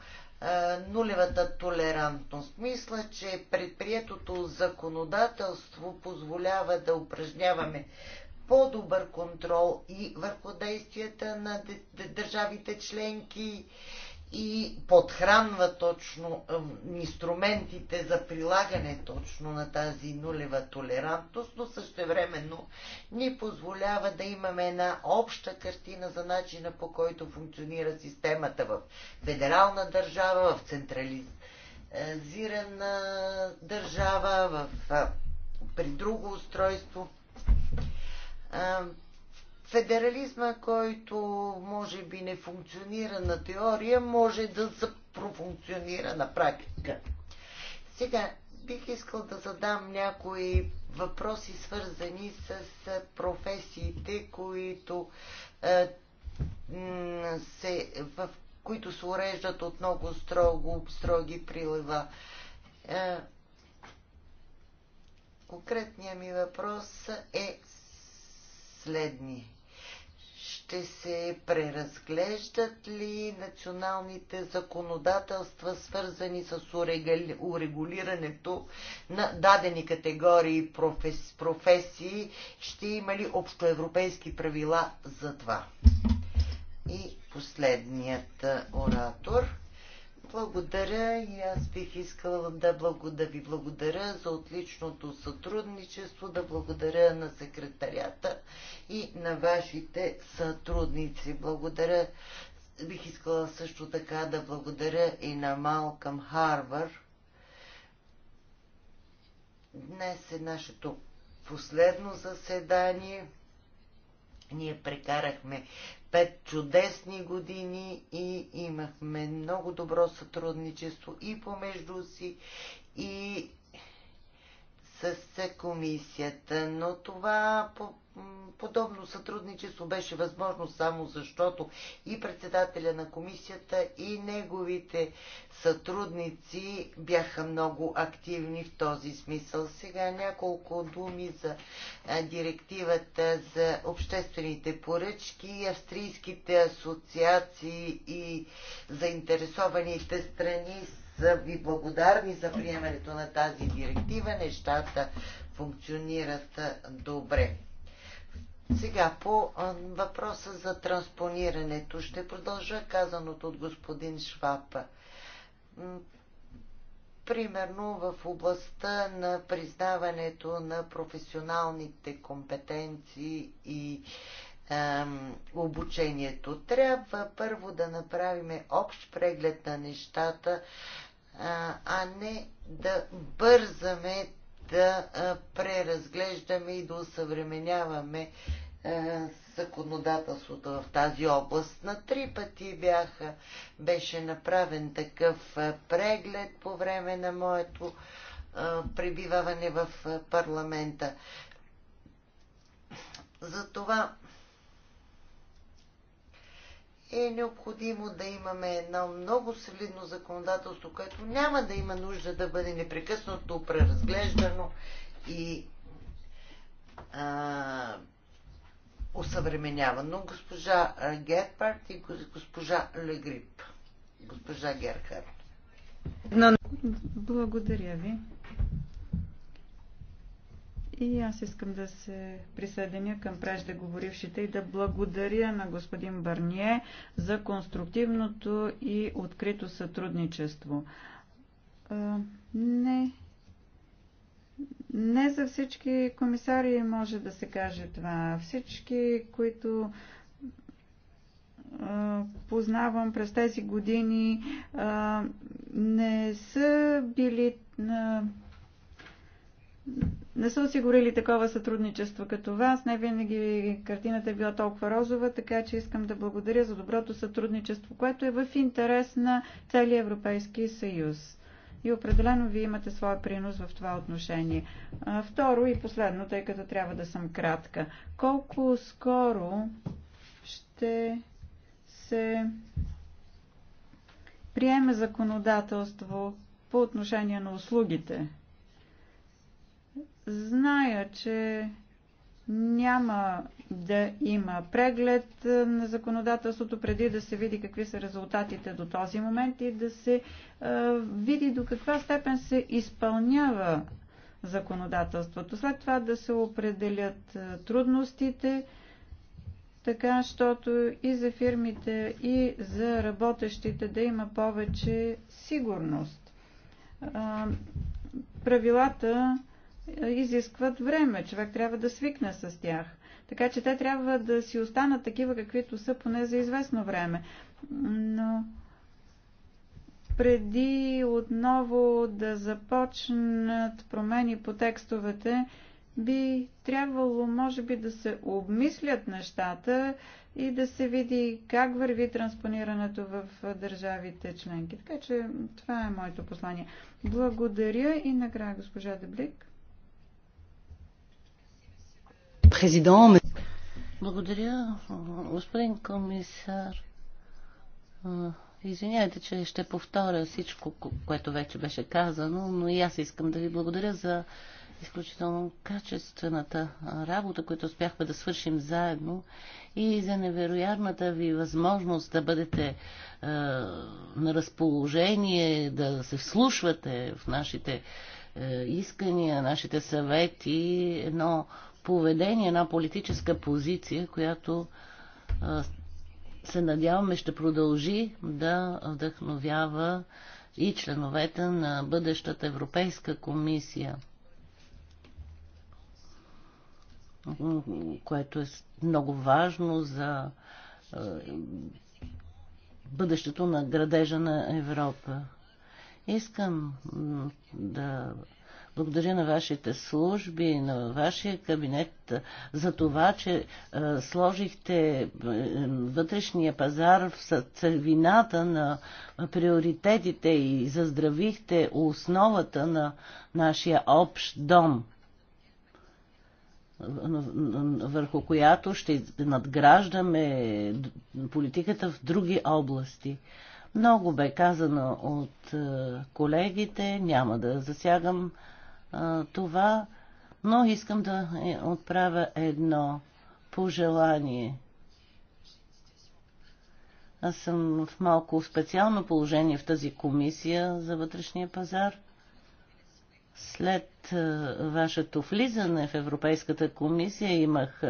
нулевата толерантност. Мисля, че предприетото законодателство позволява да упражняваме по-добър контрол и върху действията на държавите членки и подхранва точно инструментите за прилагане точно на тази нулева толерантност, но същевременно ни позволява да имаме една обща картина за начина по който функционира системата в федерална държава, в централизирана държава, в, при друго устройство федерализма, който може би не функционира на теория, може да се профункционира на практика. Сега бих искал да задам някои въпроси, свързани с професиите, които се, в които се уреждат от много строго, строги прилива. Конкретният ми въпрос е последни. Ще се преразглеждат ли националните законодателства, свързани с урегулирането на дадени категории професии? Ще има ли общоевропейски правила за това? И последният оратор. Благодаря и аз бих искала да, благо, да ви благодаря за отличното сътрудничество, да благодаря на секретарята и на вашите сътрудници. Благодаря. Бих искала също така да благодаря и на Малкам Харвар. Днес е нашето последно заседание. Ние прекарахме пет чудесни години и имахме много добро сътрудничество и помежду си, и с комисията. Но това по подобно сътрудничество беше възможно само защото и председателя на комисията и неговите сътрудници бяха много активни в този смисъл. Сега няколко думи за директивата за обществените поръчки, австрийските асоциации и заинтересованите страни са ви благодарни за приемането на тази директива. Нещата функционират добре. Сега по въпроса за транспонирането ще продължа казаното от господин Шваб. Примерно в областта на признаването на професионалните компетенции и обучението. Трябва първо да направим общ преглед на нещата, а не да бързаме да преразглеждаме и да усъвременяваме законодателството в тази област. На три пъти бяха, беше направен такъв преглед по време на моето пребиваване в парламента. Затова е необходимо да имаме едно много солидно законодателство, което няма да има нужда да бъде непрекъснато преразглеждано и а, усъвременявано. Госпожа Герпарт и госпожа Легрип. Госпожа Герхард. Благодаря ви. И аз искам да се присъединя към преждеговорившите и да благодаря на господин Барние за конструктивното и открито сътрудничество. не, не за всички комисари може да се каже това. Всички, които познавам през тези години, не са били не са осигурили такова сътрудничество като вас. Не винаги картината е била толкова розова, така че искам да благодаря за доброто сътрудничество, което е в интерес на целия Европейски съюз. И определено вие имате своя принос в това отношение. Второ и последно, тъй като трябва да съм кратка. Колко скоро ще се приеме законодателство по отношение на услугите? Зная, че няма да има преглед е, на законодателството преди да се види какви са резултатите до този момент и да се е, види до каква степен се изпълнява законодателството. След това да се определят е, трудностите, така, щото и за фирмите, и за работещите да има повече сигурност. Правилата е, изискват време. Човек трябва да свикне с тях. Така че те трябва да си останат такива, каквито са поне за известно време. Но преди отново да започнат промени по текстовете, би трябвало, може би, да се обмислят нещата и да се види как върви транспонирането в държавите членки. Така че това е моето послание. Благодаря и накрая госпожа Деблик. Президент. Благодаря, господин комисар. Извинявайте, че ще повторя всичко, което вече беше казано, но и аз искам да ви благодаря за изключително качествената работа, която успяхме да свършим заедно и за невероятната ви възможност да бъдете е, на разположение, да се вслушвате в нашите е, искания, нашите съвети. Но е, поведение, една политическа позиция, която се надяваме ще продължи да вдъхновява и членовете на бъдещата Европейска комисия, което е много важно за бъдещето на градежа на Европа. Искам да благодаря на вашите служби, на вашия кабинет за това, че е, сложихте е, вътрешния пазар в сърцевината на приоритетите и заздравихте основата на нашия общ дом върху която ще надграждаме политиката в други области. Много бе казано от е, колегите, няма да засягам това, но искам да е, отправя едно пожелание. Аз съм в малко специално положение в тази комисия за вътрешния пазар. След вашето влизане в Европейската комисия имах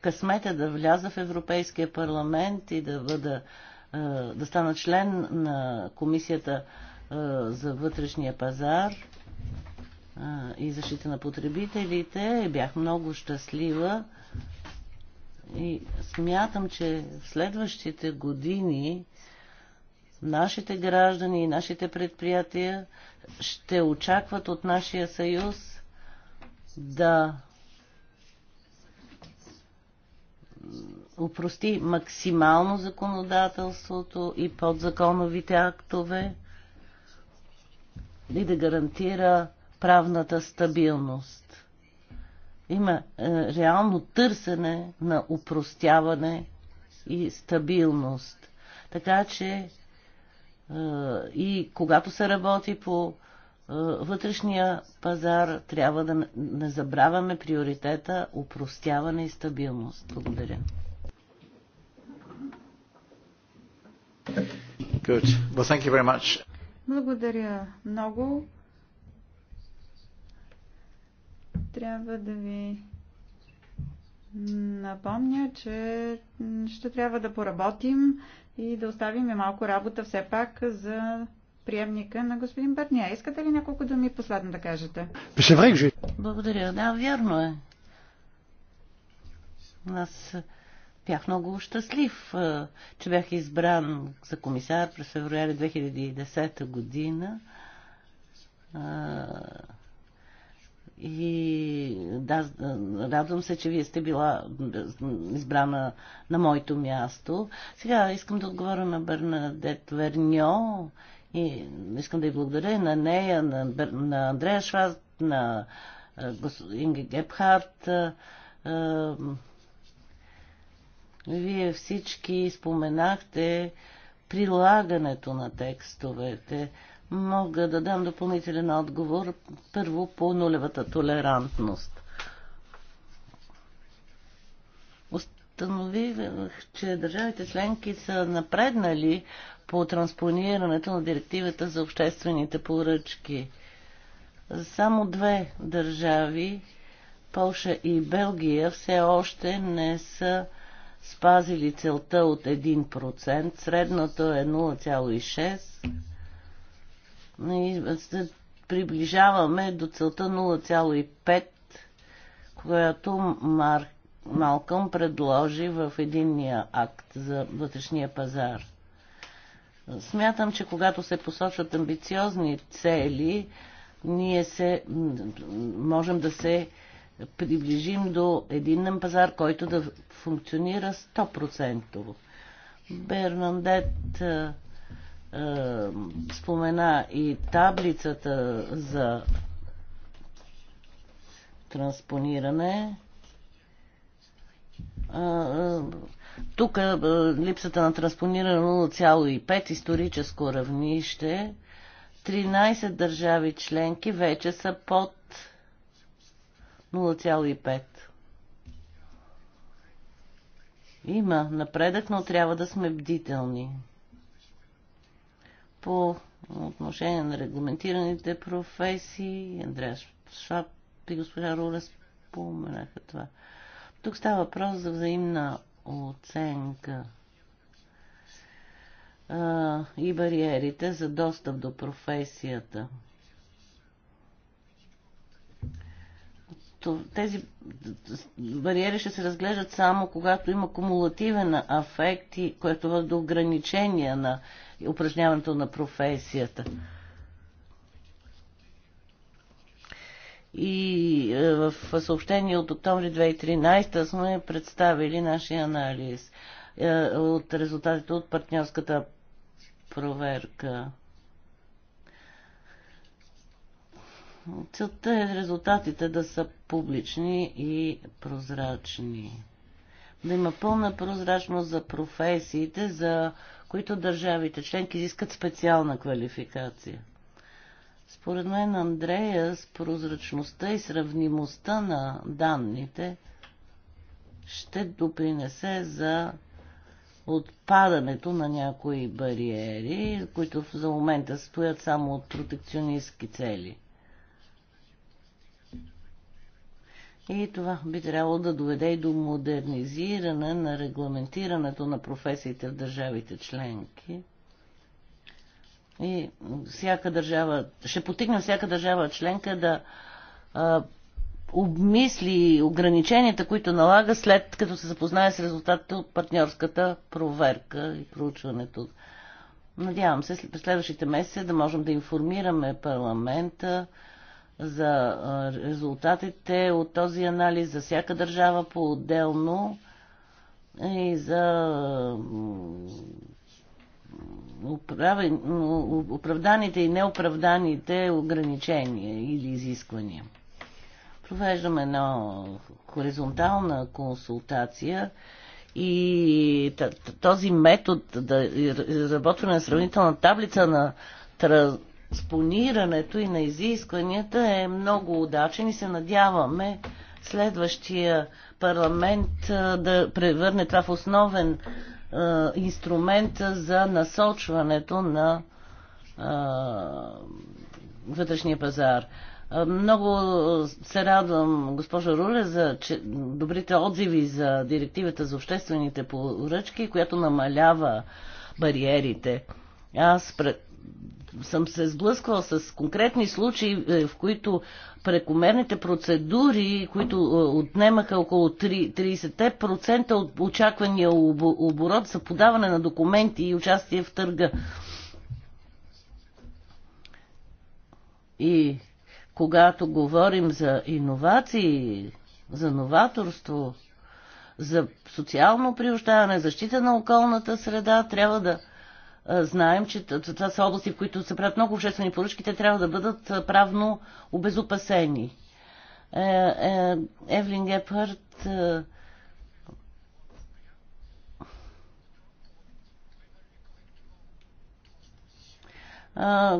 късмета да вляза в Европейския парламент и да бъда да стана член на комисията за вътрешния пазар и защита на потребителите. Бях много щастлива и смятам, че в следващите години нашите граждани и нашите предприятия ще очакват от нашия съюз да упрости максимално законодателството и подзаконовите актове и да гарантира правната стабилност. Има е, реално търсене на упростяване и стабилност. Така че е, и когато се работи по е, вътрешния пазар, трябва да не забравяме приоритета упростяване и стабилност. Благодаря. Good. Well, thank you very much. Благодаря много. трябва да ви напомня, че ще трябва да поработим и да оставим малко работа все пак за приемника на господин Бърния. Искате ли няколко думи последно да кажете? Благодаря. Да, вярно е. Аз бях много щастлив, че бях избран за комисар през февруари 2010 година. И да, радвам се, че вие сте била избрана на моето място. Сега искам да отговоря на Бернадет Верньо и искам да й благодаря на нея, на, на Андрея Шваст, на Инге Гепхарт. Вие всички споменахте прилагането на текстовете мога да дам допълнителен отговор първо по нулевата толерантност. Установих, че държавите членки са напреднали по транспонирането на директивата за обществените поръчки. Само две държави, Полша и Белгия, все още не са спазили целта от 1%, средното е 0,6%. Нали, се приближаваме до целта 0,5, която Марк Малкъм предложи в единния акт за вътрешния пазар. Смятам, че когато се посочват амбициозни цели, ние се, можем да се приближим до единен пазар, който да функционира 100%. Бернандет е, спомена и таблицата за транспониране. Е, е, тук липсата на транспониране 0,5 историческо равнище. 13 държави членки вече са под 0,5. Има напредък, но трябва да сме бдителни по отношение на регламентираните професии. Андреас Шап и госпожа Руле споменаха това. Тук става въпрос за взаимна оценка а, и бариерите за достъп до професията. Тези бариери ще се разглеждат само когато има кумулативен афект, което води до ограничения на упражняването на професията. И е, в съобщение от октомври 2013 сме представили нашия анализ е, от резултатите от партньорската проверка. Целта е резултатите да са публични и прозрачни. Да има пълна прозрачност за професиите, за които държавите членки изискат специална квалификация. Според мен Андрея с прозрачността и сравнимостта на данните ще допринесе за отпадането на някои бариери, които за момента стоят само от протекционистски цели. И това би трябвало да доведе и до модернизиране на регламентирането на професиите в държавите членки. И всяка държава, ще потигне всяка държава членка да а, обмисли ограниченията, които налага след като се запознае с резултатите от партньорската проверка и проучването. Надявам се, през следващите месеци да можем да информираме парламента, за резултатите от този анализ за всяка държава по-отделно и за оправданите и неоправданите ограничения или изисквания. Провеждаме една хоризонтална консултация и този метод да изработване на сравнителна таблица на спонирането и на изискванията е много удачен и се надяваме следващия парламент да превърне това в основен инструмент за насочването на вътрешния пазар. Много се радвам, госпожа Руле, за че, добрите отзиви за директивата за обществените поръчки, която намалява бариерите. Аз пред, съм се сблъсквал с конкретни случаи, е, в които прекомерните процедури, които е, отнемаха около 30% от очаквания оборот за подаване на документи и участие в търга. И когато говорим за иновации, за новаторство, за социално приобщаване, защита на околната среда, трябва да е, знаем, че това са области, в които се правят много обществени поръчки, те трябва да бъдат е, правно обезопасени. Е, Евлин Гепхарт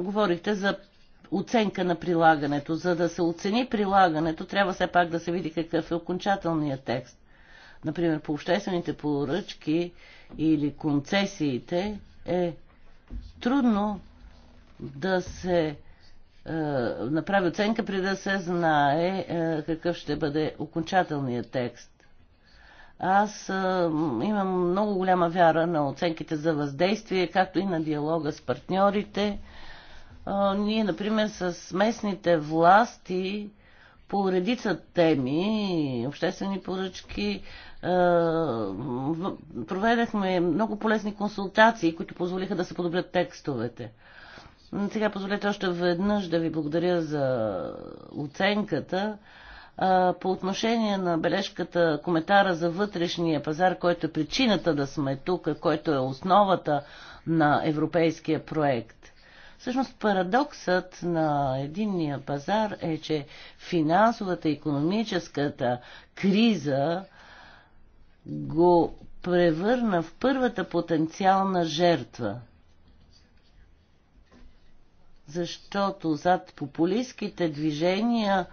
говорихте за оценка на прилагането. За да се оцени прилагането, трябва все пак да се види какъв е окончателният текст. Например, по обществените поръчки или концесиите, е трудно да се е, направи оценка, при да се знае е, какъв ще бъде окончателният текст. Аз е, имам много голяма вяра на оценките за въздействие, както и на диалога с партньорите. Е, ние, например, с местните власти по редица теми, обществени поръчки, е, проведахме много полезни консултации, които позволиха да се подобрят текстовете. Сега позволете още веднъж да ви благодаря за оценката. Е, по отношение на бележката, коментара за вътрешния пазар, който е причината да сме тук, който е основата на европейския проект. Всъщност парадоксът на единния пазар е, че финансовата и економическата криза го превърна в първата потенциална жертва. Защото зад популистските движения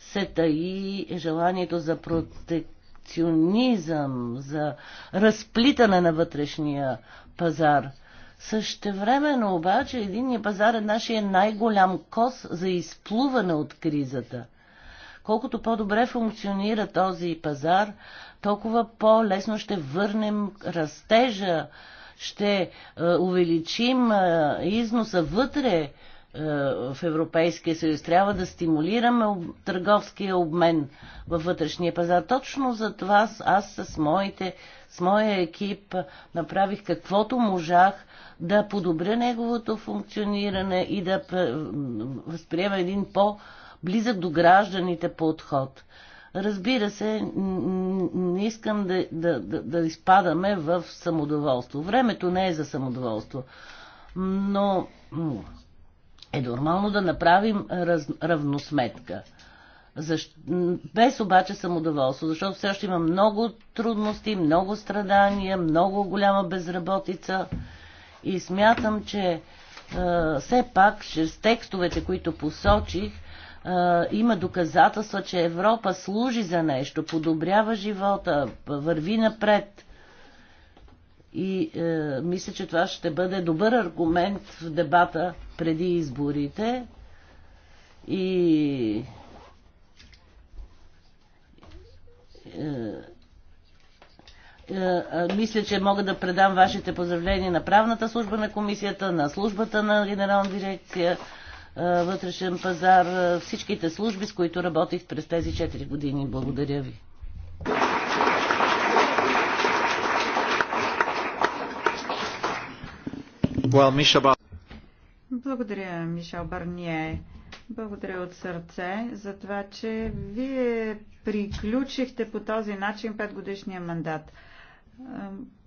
се таи желанието за протекционизъм, за разплитане на вътрешния пазар. Същевременно обаче единния пазар е нашия най-голям кос за изплуване от кризата – Колкото по-добре функционира този пазар, толкова по-лесно ще върнем растежа, ще е, увеличим е, износа вътре е, в Европейския съюз. Трябва да стимулираме търговския обмен във вътрешния пазар. Точно за това аз с, моите, с моя екип направих каквото можах да подобря неговото функциониране и да възприема един по- близък до гражданите подход. Разбира се, не искам да, да, да, да изпадаме в самодоволство. Времето не е за самодоволство. Но е нормално да направим раз, равносметка. Защ... Без обаче самодоволство, защото все още има много трудности, много страдания, много голяма безработица и смятам, че е, все пак чрез текстовете, които посочих, има доказателства, че Европа служи за нещо, подобрява живота, върви напред. И е, мисля, че това ще бъде добър аргумент в дебата преди изборите. И е, е, мисля, че мога да предам вашите поздравления на правната служба на комисията, на службата на генерална дирекция вътрешен пазар, всичките служби, с които работих през тези 4 години. Благодаря ви. Благодаря, Мишел Барние. Благодаря от сърце за това, че вие приключихте по този начин 5 годишния мандат.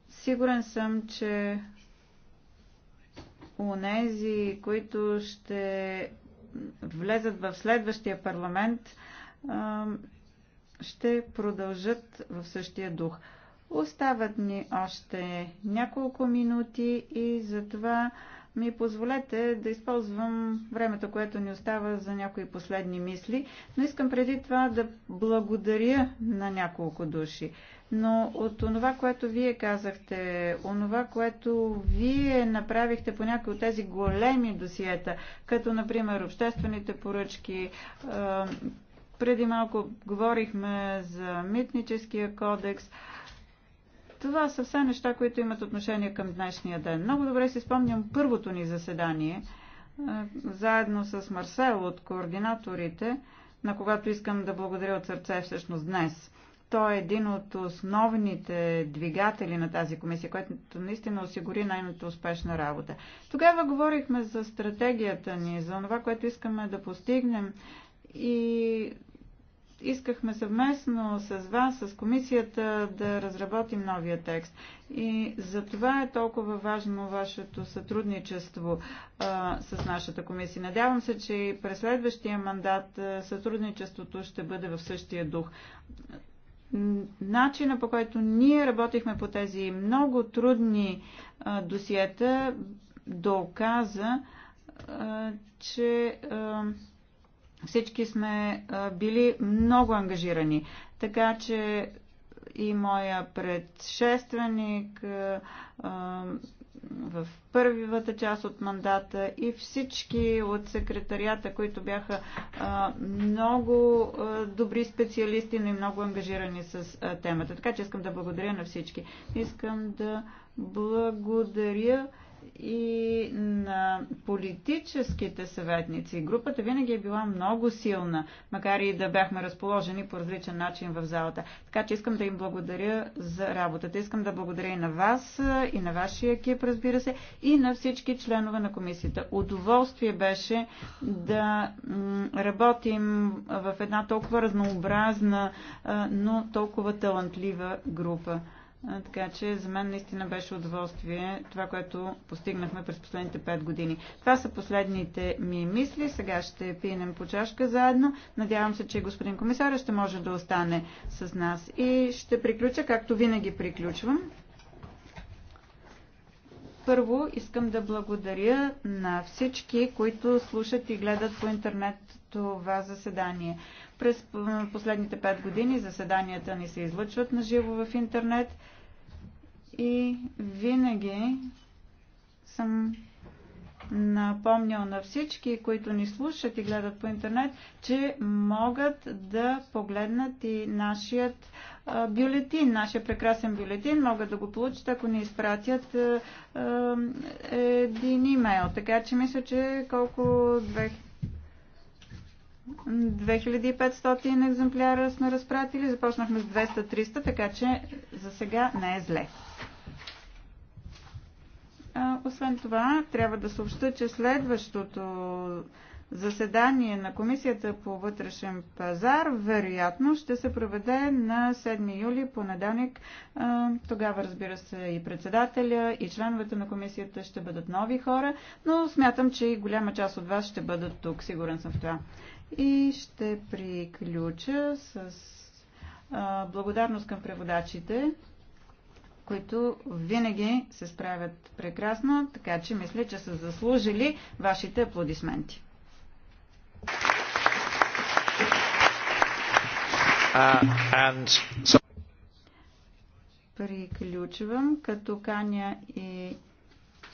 Сигурен съм, че онези, които ще влезат в следващия парламент, ще продължат в същия дух. Остават ни още няколко минути и затова ми позволете да използвам времето, което ни остава за някои последни мисли, но искам преди това да благодаря на няколко души но от онова, което вие казахте, онова, което вие направихте по някои от тези големи досиета, като например обществените поръчки, е, преди малко говорихме за митническия кодекс, това са все неща, които имат отношение към днешния ден. Много добре си спомням първото ни заседание, е, заедно с Марсел от координаторите, на когато искам да благодаря от сърце всъщност днес. Той е един от основните двигатели на тази комисия, което наистина осигури най-ната успешна работа. Тогава говорихме за стратегията ни, за това, което искаме да постигнем и искахме съвместно с вас, с комисията, да разработим новия текст. И за това е толкова важно вашето сътрудничество а, с нашата комисия. Надявам се, че и през следващия мандат сътрудничеството ще бъде в същия дух начина по който ние работихме по тези много трудни досиета доказа, че всички сме били много ангажирани. Така че и моя предшественик в първата част от мандата и всички от секретарията, които бяха много добри специалисти, но и много ангажирани с темата. Така че искам да благодаря на всички. Искам да благодаря и на политическите съветници. Групата винаги е била много силна, макар и да бяхме разположени по различен начин в залата. Така че искам да им благодаря за работата. Искам да благодаря и на вас, и на вашия екип, разбира се, и на всички членове на комисията. Удоволствие беше да работим в една толкова разнообразна, но толкова талантлива група. Така че за мен наистина беше удоволствие това, което постигнахме през последните 5 години. Това са последните ми мисли. Сега ще пинем по чашка заедно. Надявам се, че господин комисар ще може да остане с нас. И ще приключа, както винаги приключвам. Първо искам да благодаря на всички, които слушат и гледат по интернет това заседание. През последните 5 години заседанията ни се излъчват на живо в интернет и винаги съм напомнял на всички, които ни слушат и гледат по интернет, че могат да погледнат и нашият бюлетин, нашия прекрасен бюлетин, могат да го получат, ако ни изпратят един имейл. Така че мисля, че колко 2500 екземпляра сме разпратили. Започнахме с 200-300, така че за сега не е зле. А, освен това, трябва да съобща, че следващото заседание на Комисията по вътрешен пазар вероятно ще се проведе на 7 юли, понеделник. Тогава, разбира се, и председателя, и членовете на Комисията ще бъдат нови хора, но смятам, че и голяма част от вас ще бъдат тук. Сигурен съм в това. И ще приключа с а, благодарност към преводачите, които винаги се справят прекрасно, така че мисля, че са заслужили вашите аплодисменти. Uh, and so... Приключвам, като каня и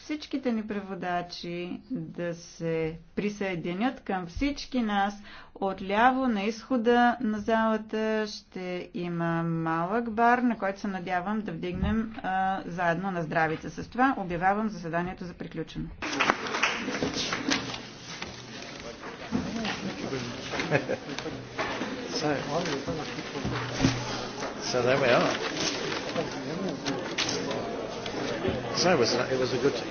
всичките ни преводачи да се присъединят към всички нас. Отляво на изхода на залата ще има малък бар, на който се надявам да вдигнем а, заедно на здравите. С това обявявам заседанието за приключено. So there we are. So it was, it was a good.